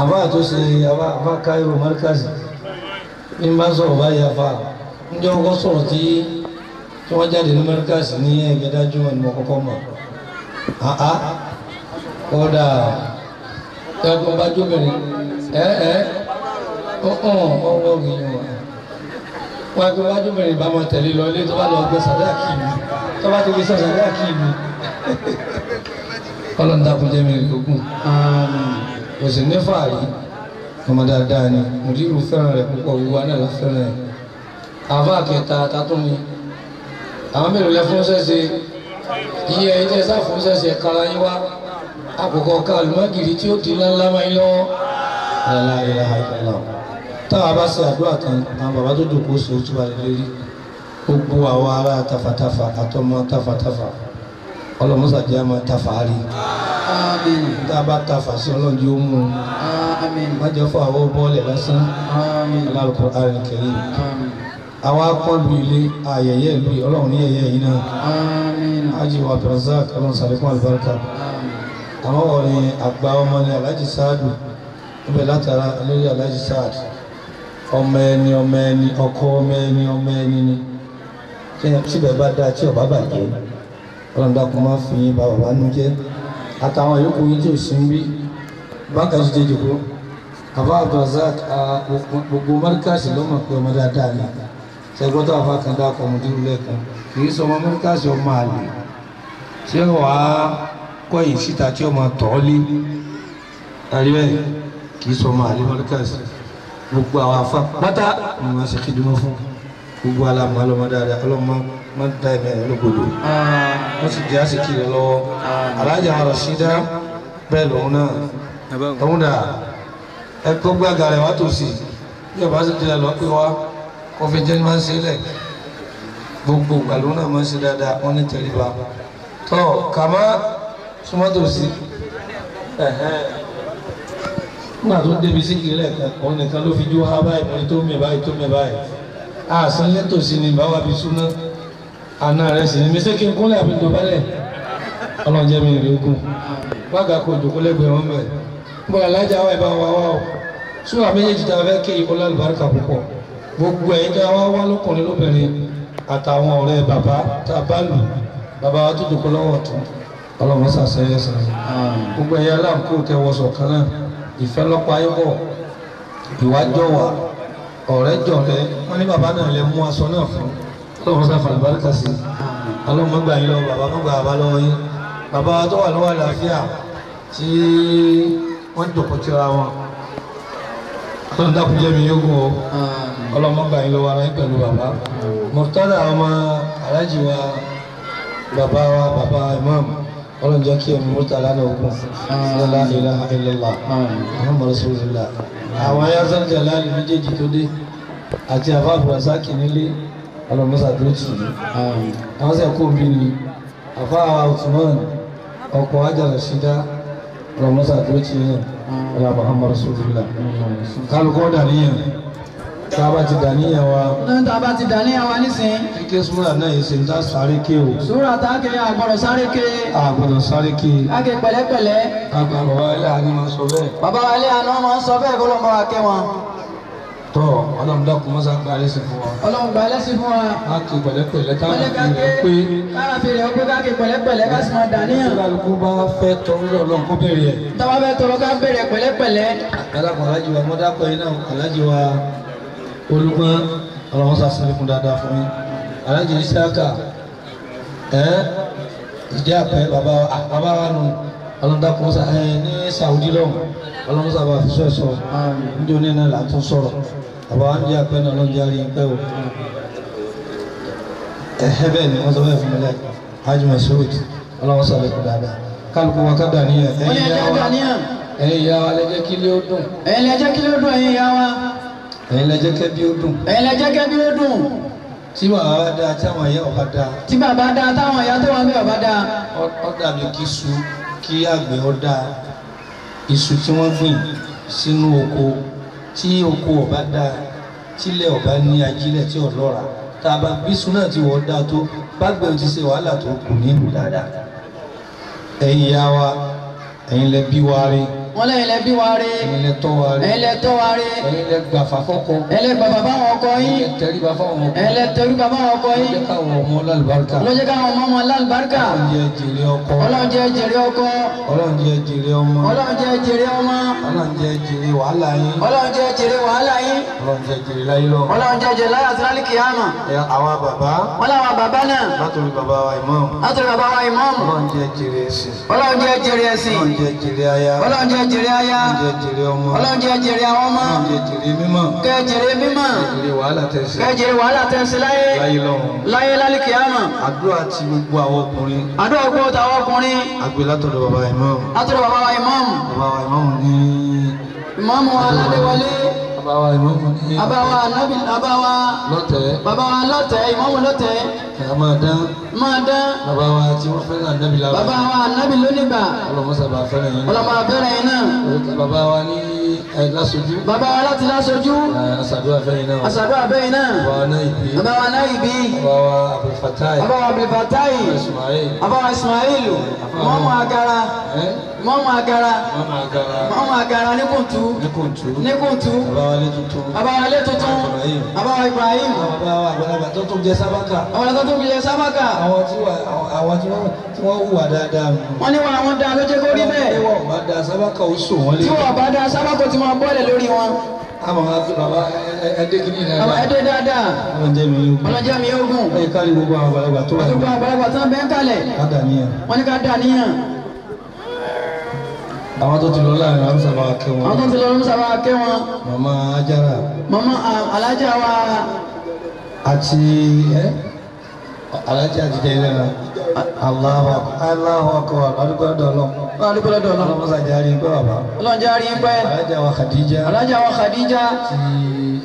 àbá àtúnṣe àbá àbá káyọ̀ mọ́ríkàsì ní bá sọ̀rọ̀ bá yà fà sọ̀rọ̀ tí tí wọ́n jáde ní ní wọn ni mo kọ́kọ́ mọ̀ àá kọ́dà ẹ̀kọ́ bá jóbìnrin ọ̀hún tọ́ba ti fi sọ̀rọ̀ ẹ̀dá Kalau í mi ọlọ́run dàpọ̀ jẹ́ mi ogun kò sì ní fàárí ọmọ dáadáa ni mo rí irú fẹ́ràn ni àwọn mélòó lẹ fún sẹ́sẹ́ iye ẹ̀yìn tẹ́ sá fún sẹ́sẹ́ kára yín wá àkókò ká àlùmọ́gìrì tí ó di ńláńlá máa ń lọ́wọ́ la ilaha illallah táwa bá ṣe àdúrà tán àwọn bàbá gbogbo àwọn ará tafatafa àtọmọ tafatafa ọlọmọsà jẹ́ àmọ́ tafaari tá a bá tafa sí ọlọ́run yóò mú un májọ fún àwọn bọ́ọ̀lù lásán alárùkọ àrẹ̀kẹ̀rẹ̀ àwọn akọlù ilé ayẹyẹ ìlú ọlọ́run ní ẹ̀yẹ yìí náà ajé wa abdulrasaq ọlọ́run sàlékún àlùbáríkà àwọn ọ̀rìn àgbà ọmọ ní alhaji saadu níbẹ̀ látara lórí alhaji saadu ọmọ ẹni ọmọ ẹni ọkọ ọmọ ẹni ọmọ ẹni ni síbẹ̀ bá dáa tí ọba bàjẹ́ ọlọ́run dákun má fi yín ba bàbá nu jẹ́ àtàwọn yòókù yín tí ò sí ń bí bákan ti dèjì kó àbá abdulrasaq gbogbo mọ́ríkàsì ló mọ̀ pé ọmọ dáadáa ni ṣẹgbọ́n tó àfa kan dákọ̀ ọmọ dúró lẹ́ẹ̀kan kì í sọ ọmọ mọ́ríkàsì ọmọ àlè tí ó wàá kọ́yìn síta tí ọmọ tọ́ lé àríwẹ̀ kì í sọ ọmọ àlè mọ́ríkàsì gbogbo àwọn afa pátá ni wọ́n ṣe kí gbogbo ala ma lọ ma dáadáa ọlọ́mọ ma da ẹ̀mí ẹ̀ lọ́gbọ̀dọ̀ wọ́n ti di àsìkí rẹ lọ́wọ́ alájà Rashida bẹ́ẹ̀ lòun náà òun dà ẹ kó gbàgà rẹ wá tòsí bí ọba sì tilẹ̀ lọ́ pé wá kọfí jẹ́ máa ń ṣe lẹ̀ gbogbo ìgbàlú náà máa ń ṣe dáadáa wọ́n ní tẹ̀lébà tọ́ kàmá súnmọ́ tòsí nígbà tó débi sí kiri lẹ́ẹ̀kan òun nìkan ló fi jó ha báyìí tó mi báyìí tó mi báyìí àṣà nítòsí ni bá wà bí súná àná rẹ̀ sì ni mi ṣé kí n kúnlẹ̀ àbí dọ̀bálẹ̀ ọlọ́run jẹ́ mi ìrè ogun wága kò dòkúlẹ̀gbẹ̀ wọn bẹ̀ gbọ́dọ̀ alájà wa ìbá wa wá o súnà méjèèjì tá a fẹ́ kí ìkọlá àlùbáríkà púpọ̀ gbogbo ẹ̀yin tá a wá wá lọ́kùnrin lóbìnrin àtàwọn ọ̀rẹ́ bàbá tá a bá lù bàbá wa tó dòkú lọ́wọ́ ọ̀tún ọlọ́run sàṣẹyẹ sàṣẹ gbogbo ẹ̀yà aláàkó tẹ wọ́sọ̀ kan náà ìfẹ́ lọ́pàá ayọ́bọ̀ ìwájọ́ wa ọ̀rẹ́ jọ̀rẹ́ wọ́n ní bàbá náà lè mú aṣọ náà fún ọlọ́run sáfà àlùbáríkà sí ọlọ́run mọ́gbà yín lọ́wọ́ bàbá mọ́gbà bàbá lọ́wọ́ yín bàbá tó wà lọ́wọ́ àlàáfíà tí wọ́n jòkó tira wọn ọlọ́run dákun jẹ́ mi yógún o ọlọ́run mọ́gbà yín lọ́wọ́ ara yín pẹ̀lú bàbá mọ̀tọ́dà ọmọ aláàjì bàbá wa bàbá imam ọlọ́run jẹ́ kí ẹ̀mí murtala náà ogun la ilaha illallah muhammad rasulillah àwọn ayáṣán jalali méjèèjì tó dé àti àfa abdulrasaki nílé ọlọ́run musa tó tì í àwọn sẹ́ kó bí ni àfa usman ọkọ̀ ajara ṣídá ọlọ́run tó tì í náà ọlọ́run muhammad rasulillah kálukọ́ dà tá a bá ti dàníyàn wa. ní tá a bá ti dàníyàn wa nísìn. kíkẹ́ súnmọ́ra náà yìí ṣe ń dá sáré ké o. súnmọ́ra tá a kẹ́ àgbọ̀dọ̀ sáré ké. àgbọ̀dọ̀ sáré ké. a kẹ́ pẹ̀lẹ́pẹ̀lẹ́. bàbá wa ilé àná máa ń sọ bẹ́ẹ̀. bàbá wa ilé àná máa ń sọ bẹ́ẹ̀ kó ló ń bá wa kẹ́ wọn. tọ Ọlọ́run dákun mọsá gba ẹlẹsìn fún wa. Ọlọ́run gba ẹlẹsìn fún wa. a kì í pẹ̀lẹ́pẹ̀lẹ́ káàkiri rẹ káàkiri rẹ káàkiri pẹ̀lẹ́pẹ̀lẹ́ ká sì máa dàníyàn. kó bá fẹ́ tọrọ Ọlọ́run kó bẹ̀rẹ̀. tọ́wọ́ fẹ́ tọrọ ká pẹ̀lẹ́pẹ̀lẹ́. alákùn olùgbọ́n ọlọ́run sàṣẹ́lẹ̀ fún dáadáa fún yín alájì Ìsáàkà ẹ ìdí àpẹ bàbá bàbá wa nù ọlọ́dàkùn ẹ ní Saudi lọ́hùn ọlọ́run sábà fi sọ ẹ̀sọ́ níjó ní náà là ń tún sọ̀rọ̀ bàbá wa ń jẹ́ àpẹ náà lọ́jà rí pẹ́ o ẹ̀hẹ́ bẹ́ẹ̀ ni wọ́n sọ bẹ́ẹ̀ fún mi lẹ́yìn Hajj Masoud ọlọ́run sàlẹ̀ fún dáadáa kálukú wa ká níyà ẹ̀yin yá wa ẹ̀yin yá wa ẹ̀yin lẹ́jẹ́ kílé ẹ̀yin lẹ jẹ́ kẹ́bí ó dùn. ẹ̀yin lẹ jẹ́ kẹ́bí ó dùn. tí bàbá bá dáa tí àwọn ìyá ọba dáa. tí bàbá dáa táwọn ìyá tó wà ní ọba dáa. ó dàbí kí iṣu kí àgbẹ̀ ó dáa tí wọ́n gbìn sínú oko tí oko ọba dáa tílẹ̀ ọba ní ajílẹ̀ tí ọlọ́ra tá a bá bísú náà ti wọ́ dáa tó bágbẹ̀ ò ti ṣe wàhálà tó kù nílùú dáadáa. ẹ̀yin ìyá wa ẹ̀yin lẹ bí wa rí wọ́n lẹ́yìn lẹ bí wa rí ẹ̀yin lẹ tọ́ wa rí ẹ̀yin lẹ tọ́ wa rí ẹ̀yin lẹ gbàfà fọ́kọ ẹ̀yin lẹ gbàfà fáwọn ọkọ yín ẹ̀yin lẹ tẹríba fáwọn ọkọ ẹ̀yin lẹ tẹríba fáwọn ọkọ yín lọ́jọ́ káwọn ọmọ lálùbáríkà lọ́jọ́ káwọn ọmọ lálùbáríkà ọlọ́run jẹ́ jèrè ọkọ ọlọ́run jẹ́ jèrè ọmọ ọlọ́run jẹ́ jèrè ọmọ ọlọ́run jẹ́ jèrè wàhálà yín ọlọ́run jẹ́ jèrè wàhálà yín ọlọ́run jèrè jèrè aya ọlọ́run jẹ́ jèrè àwọn ọmọ kẹ́ jèrè mímọ́ kẹ́ jèrè wàhálà tẹ̀sí láyé láyé lálìkì àmọ́. àdúrà ti gbogbo àwọn ọkùnrin. àdúrà gbogbo tàwọn ọkùnrin. àgbẹ̀ látọ̀dọ̀ bàbá ìmáàmù. látọ̀dọ̀ bàbá ìmáàmù. bàbá ìmáàmù ní. ìmáàmù aládéwọlé abawa Imamu ní. abawa anabi abawa. lọtẹ. babawa lọtẹ Imamu lọtẹ. kàá máa dán. máa dán. babawa tí wọ́n fẹ́ràn anabi la. babawa anabi lónìgbà. ọlọmọsà bá fẹ́ràn yín. ọlọmọ abẹ́rẹ́ yín náà. babawa ní lasojú. babawa láti lasojú. asadu abẹ́yìn náà. asadu abẹ́yìn náà. babawa náà ibi. babawa náà ibi. babawa abdulfatai. babawa abdulfatai. abawa ismail. abawa ismail. mọ́mọ́ agara mọ́mọ́ agara mọ́mọ́ agara ní kùntù ní kùntù babawa ilé tuntun babawa Ibrahim babawa àgbàlagbà tó tún jẹ sábàkà àwọn tó tún jẹ sábàkà àwọn tí wọ́n hùwà dáadáa nù. wọ́n ní wọn àwọn dáa ló jẹ́ kó rí bẹ́ẹ̀. tí wọ́n bá da sábàkà ó sò wọ́n lé. tí wọ́n bá da sábàkà ó ti máa bọ́ọ̀lẹ̀ lórí wọn àmọ́ baba ẹdẹ kìíní náà. baba ẹdẹ dáadáa. ọlọjẹ mi yóò gùn. ọlọjẹ mi yóò gùn. ẹ káàdì gbogbo àwọn àgbàlagbà tó wà nílẹ̀ àwọn tó ti lọ láàrin àwọn sábà kẹ́ wọn. àwọn tó ti lọ láàrin sábà kẹ́ wọn. màmá ajára. màmá alájà wa. àti ẹ alájà ti jẹ ilé náà. Aláwọ̀ Aláwọ̀ akọ̀wà lọ́dúnkọ́lá dọ̀lọ́. Lọ́dúnkọ́lá dọ̀lọ́. Ọlọ́mọsá járí pẹ́ bàbá. Ọlọ́njà rí pẹ́. Alájà wa Khadija. Alájà wa Khadija. Ti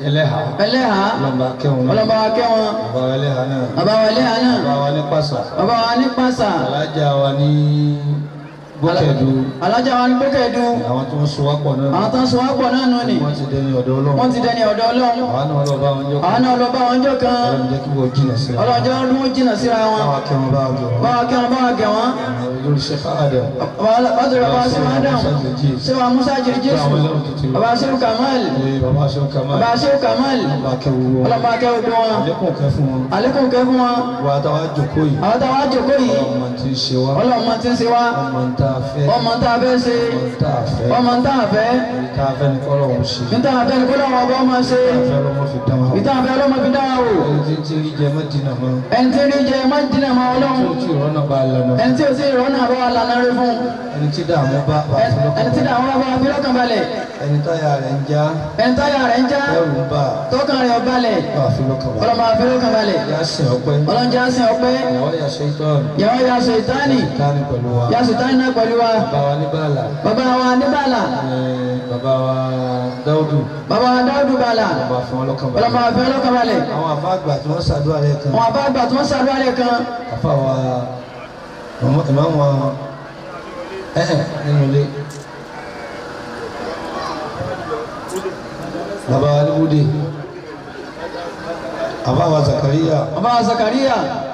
ẹlẹ́hà. ẹlẹ́hà. Ọlọ́mọba kẹ́wọn. Ọlọ́mọba kẹ́wọn. Bàbá wa ẹlẹ́hà náà. Bàbá wa ẹlẹ́hà náà. Bàbá wa ní pàṣà. Bàbá ní pàṣà. Alájà wa ní gbọ́kẹ̀dù. alájà wa ni gbọ́kẹ̀dù. àwọn tó ń sowápọ̀ náà. àwọn tó ń sowápọ̀ náà nù ni. wọ́n ti dẹni ọ̀dọ̀ ọlọ́run. wọ́n ti dẹni ọ̀dọ̀ ọlọ́run. àwọn náà lọ bá wọn jọ kan. àwọn náà lọ wọn jìnà síra. ọlọ́run jẹ́ kí wọ́n jìnà síra wọn. báwa kẹ́ wọn báwa gẹ̀ wọn. báwa kẹ́ wọn báwa gẹ̀ wọn. olórí sẹ́fà adam. sẹ́wà musa jiri jésù. baba sẹ́wà kamal. baba sẹ́wà kamal. baba sẹ́wà kamal. ọlọ́ba kẹ́ wọn. alẹ́kùn kẹ́ fún wọn. alẹ́kùn kẹ́ fún wọn. wàá tàwa jòkó yìí. àwọn tàwa jòkó yìí. ọlọ́run ma ti ń ṣe wa. ọlọ́run ma ti ń ṣe wa. ọmọ n ta ọmọ tá a fẹ́ ṣe ọmọ tá a fẹ́ tá a fẹ́ ní kọ́lọ́ wọn ṣe ní tá a fẹ́ ní kọ́lọ́ wọn bọ́ máa ṣe ní tá a fẹ́ lọ́mọ fi dáhà wò ẹni tí rí jẹ má dínà mọ́ ẹni tí tí ò sí ìrọ́nà bá a lànà rẹ fún ẹni tí dààmú bá wà fún lọ́kàn balẹ̀ ẹni tí dààmú bá wà fún lọ́kàn balẹ̀ ẹni táyà rẹ̀ ń já ẹni táyà rẹ̀ ń já ẹrù bá tọkàn rẹ̀ balẹ̀ wà fún lọ́kàn balẹ̀ ọlọ́mọ àfẹ́ lọ́kàn balẹ̀ yasẹ̀ ọpẹ́ ọlọ́njẹ́ yasẹ̀ ọpẹ́ yàwọ́ yasẹ̀ ìtọ́ni yàwọ́ yasẹ̀ ìtọ́ni ìtọ́ni pẹ̀lú wa yasẹ̀ ìtọ́ni náà pẹ̀lú wa bàbá wa ní bàlà bàbá wa ní bàlà bàbá wa dáúdù bàbá wa dáúdù bàlà ọlọ́mọ àfẹ́ lọ́kàn balẹ̀ àwọn àfá àgbà tí wọ́n ṣàdúrà lẹ́ẹ̀kan àwọn àfá àgbà tí wọ́n ṣàdúrà lẹ́ẹ̀kan àfá wa ìmáàmù wa nínú ilé baba alibude baba wa Zakariya baba wa Zakariya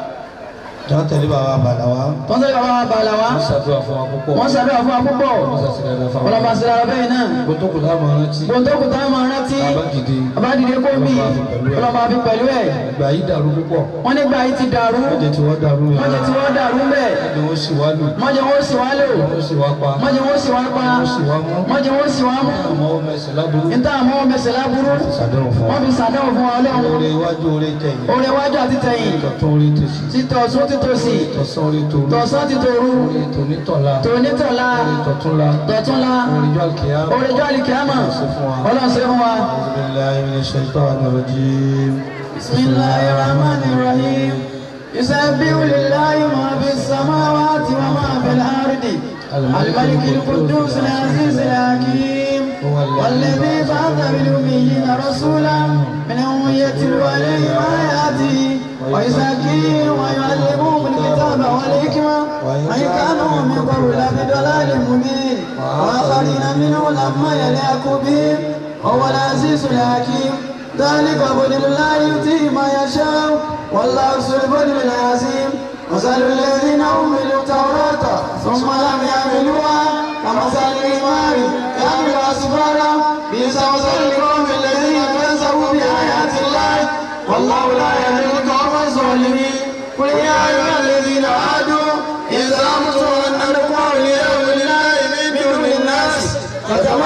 wọ́n tẹ̀lé bàbá Bàlàwá. wọ́n tẹ̀lé bàbá Bàlàwá. wọ́n ṣàdúrà fún wa púpọ̀. wọ́n ṣàdúrà fún wa púpọ̀. wọ́n ṣàṣìlẹ̀ fún wa. ọlọ́ba ṣẹlẹ̀ ọ̀rọ̀ bẹ́ẹ̀ náà. gbọ̀ntòkùtà máa rántí. gbọ̀ntòkùtà máa rántí. abájídé. abájídé kò mí. ọlọ́ba fi pẹ̀lú ẹ̀. ìgbà yìí dàrú púpọ̀. wọ́n nígbà yìí ti dàrú. mọ̀jẹ̀ tí wọ́n dàrú yẹn. mọ̀jẹ̀ tí wọ́n dàrú bẹ́ẹ̀. mọ̀jẹ̀ wọ́n sì wá lò. mọ̀jẹ̀ wọ́n sì wá lò. mọ̀jẹ̀ wọ́n sì wá pa. mọ̀jẹ̀ wọ́n sì wá mú. níta àmọ́ wọn mẹsẹ̀ láburú tòsí tọ̀sán orí tòru tọ̀sán ti tòru orí tònítọ̀la tònítọ̀la orí tọ̀túnla tọ̀túnla orí jọ́ àlìkìyàmà orí jọ́ àlìkìyàmà ọlọ́run ṣe fún wa. bisimilayi rahman rahim yusabbihu lillahi ma fi samawati wa ma fi al-ardi al-malik al-quddus al-aziz al-hakim والذي بعث بالأميين رسولا منهم يتلو عليهم آياته ويزكيهم ويعلمهم الكتاب والحكمة وإن كانوا من قبل بضلال مبين وآخرين منه لما يليق بهم هو العزيز الحكيم ذلك فضل الله يؤتيه ما يشاء والله ذو الفضل العظيم مثل الذين حملوا التوراة ثم لم يعملوها كمثل الحمار يحمل أسفارا بئس مثل القوم الذين كذبوا بآيات الله والله لا يهدي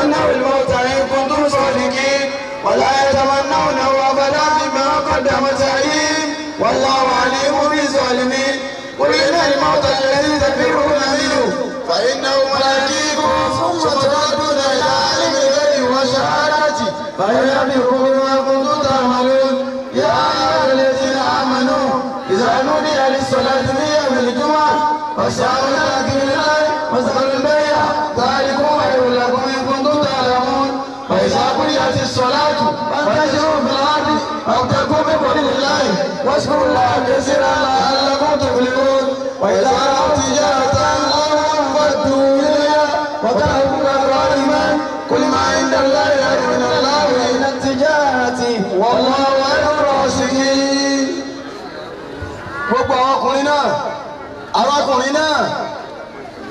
يتمنوا الموت إن كنتم صادقين ولا يتمنونه أبدا بما قدمت أيديهم والله عليم بالظالمين قل إن الموت الذي تفرون منه فإنه ملاقيكم ثم تردون إلى عالم الغيب والشهادة فينبئكم بما كنتم تعملون يا أيها الذين آمنوا إذا نودي للصلاة من يوم الجمعة فاسعوا لكم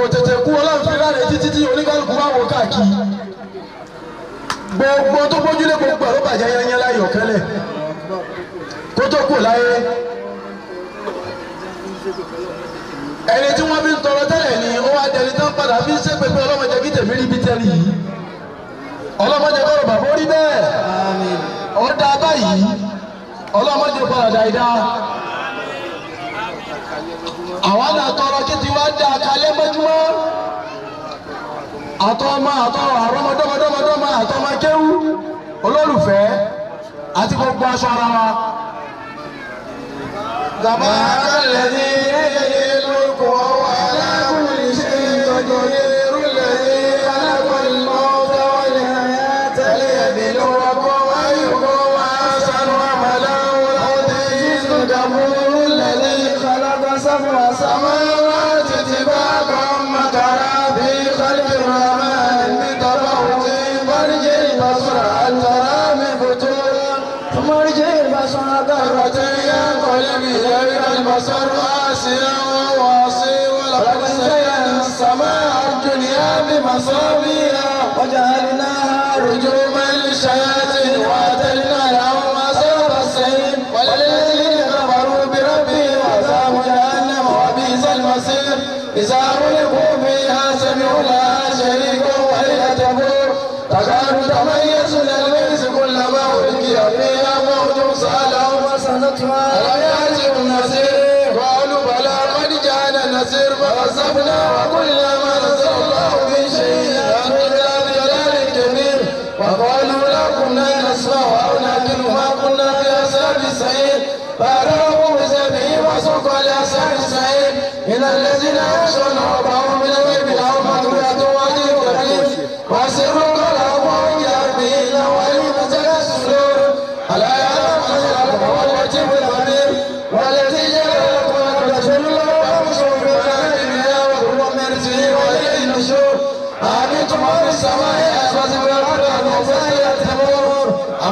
kò tètè kú ọlọ́run fi láre títí tí oníkálukú bá wọ káàkiri gbogbo tó gbójúlé gbogbo ẹ̀ bàjẹ́ yẹnyẹn láyọ̀ kẹ́lẹ̀ kó tó kù láyé ẹni tí wọ́n fi ń tọrọ tẹ́lẹ̀ ni ó wá dẹni tán padà fi ń ṣépè pé ọlọ́mọdé kí tèmi rí bí tẹ́lẹ̀ yìí ọlọ́mọdé kọ́rọ̀ bàbá ó rí bẹ́ẹ̀ ọ̀dà báyìí ọlọ́mọdé padà dà ìdá àwọn àdàtọ́ àtọmọ àtọwọ àrọmọdọmọdọmọdọmọ àtọmọ kéwú olólùfẹ́ àti gbogbo aṣọ ara wa. gàmọ́ àkàlẹ́ ní.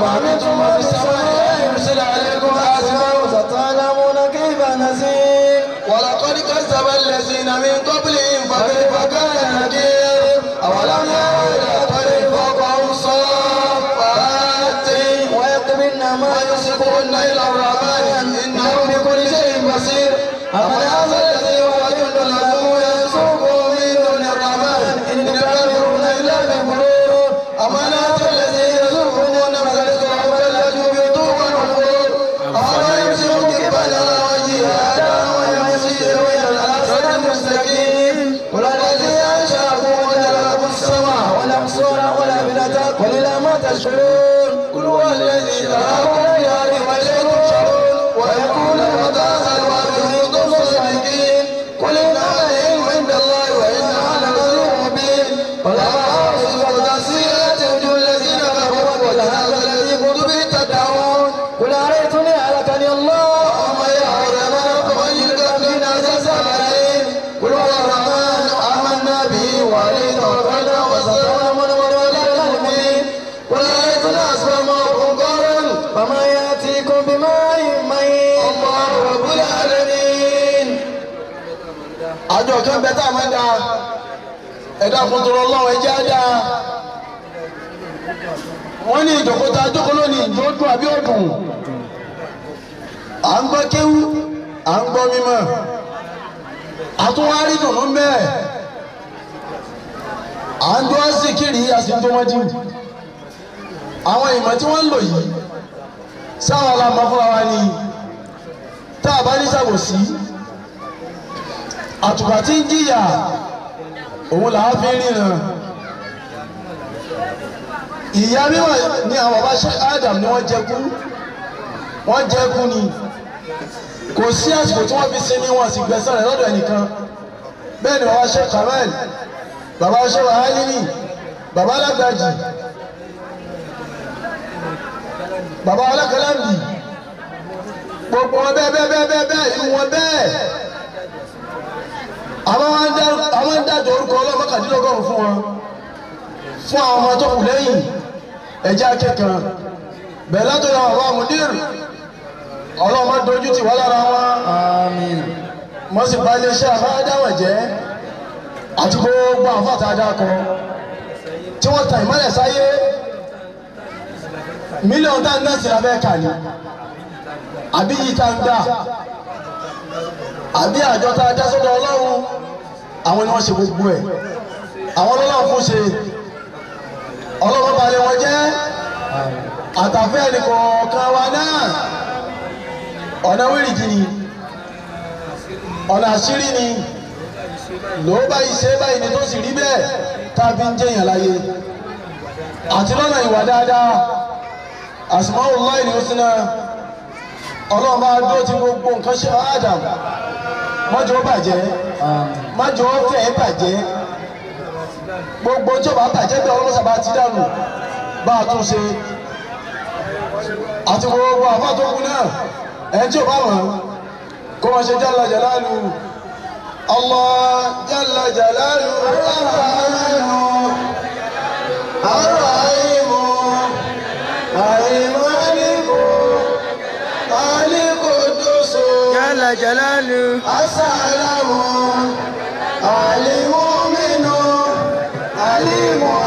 Amarelo dákun tó lọ́wọ́ ẹjẹ́ á dáa wọ́n ní ìjòkóta jókòó lónìí ìjó dùn àbí òdùn à ń gbọ́ kéwú à ń gbọ́ mímọ́ àtúwárí dùnú mẹ́ẹ̀ à ń dúró sí kiri àsìntòmọ́jú àwọn ìmọ̀ tí wọ́n ń lò yìí sáwọn alámọ̀ fúnra wa ni tá a bá ní sàbòsí àtùbà tí ń jìyà òun làá fi ríran ìyá wíwà ni àwọn bàbá Adam ni wọ́n jẹ kú wọ́n jẹ kú ni kò sí àsìkò tí wọ́n fi sinmi wọn sì gbẹ̀san rẹ̀ lọ́dọ̀ ẹnìkan bẹ́ẹ̀ ni bàbá ṣe Kamal bàbá ṣe wàhálìmí bàbá alágbàjì bàbá alákàlámbì gbogbo wọn bẹ́ẹ̀ bẹ́ẹ̀ bẹ́ẹ̀ bẹ́ẹ̀ irú wọn bẹ́ẹ̀ àwọn ń dájọ orúkọ ọlọ́mọkàndínlọ́gọ́rùn fún wọn fún àwọn ọmọ tó kù lẹ́yìn ẹ̀jẹ̀ akẹ́kọ̀ọ́ bẹ̀rẹ̀ látọ̀dọ̀ àwọn àwọn mùdírì ọlọ́mọ dojú ti wá lára wọn mọ́ sì bá iléeṣẹ́ àbádáwọ̀ jẹ́ àti gbogbo àwọn fàtàdá kan tí wọ́n ta ìmọ́lẹ̀ sáyé mílíọ̀nù tá a ń dá sí abẹ́ kàní àbí yìí tá a ń dá àbí àjọ tá a já sọ́dọ̀ Ọlọ́run àwọn ni wọ́n ṣe gbogbo ẹ̀ àwọn Ọlọ́run fún ṣe Ọlọ́run balẹ̀ wọn jẹ́ àtàfẹ́ ẹnìkọ̀ọ̀kan wa náà ọ̀nà wíìrìjì ni ọ̀nà àṣírí ni ló báyìí ṣe báyìí ni tó sì rí bẹ́ẹ̀ tá a fi ń jẹyàn láyé àti lọ́nà ìwà dáadáa Asmaul Lahi al-Husna ọlọ́run bá dúró ti gbogbo nǹkan ṣe Adam mọ́jọ́ bàjẹ́ mọ́jọ́ fẹ́ bàjẹ́ gbogbo tí o bá bàjẹ́ bẹ́ẹ̀ ọlọ́sàbà ti dànù bá a tún ṣe àti gbogbo àfa tó kú náà ẹ̀ tí o bá mọ̀ kó wọ́n ṣe jálá jàlálù Allah jálá jàlálù àrà àìmọ̀ àìmọ̀. جلاله أسأله عليم منه عليم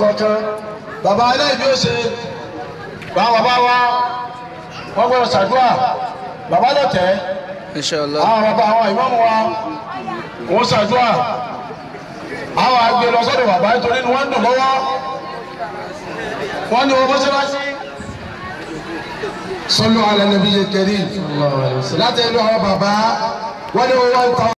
kọ̀ọ̀kan bàbá aláìbí ó ṣe báwọn bá wá wọ́n gbọ́dọ̀ ṣàdúrà bàbá lọ́tẹ̀ àwọn bàbá àwọn ìmáàmù wa wọ́n ṣàdúrà àwọn àgbẹ̀ lọ bàbá nítorí wọ́n ń dùn lọ́wọ́ wọ́n ní owó mọ́ṣáláṣí sọlọ alẹ nabi yẹ kẹrin láti ẹnu àwọn bàbá wọn ni wọn ń ta.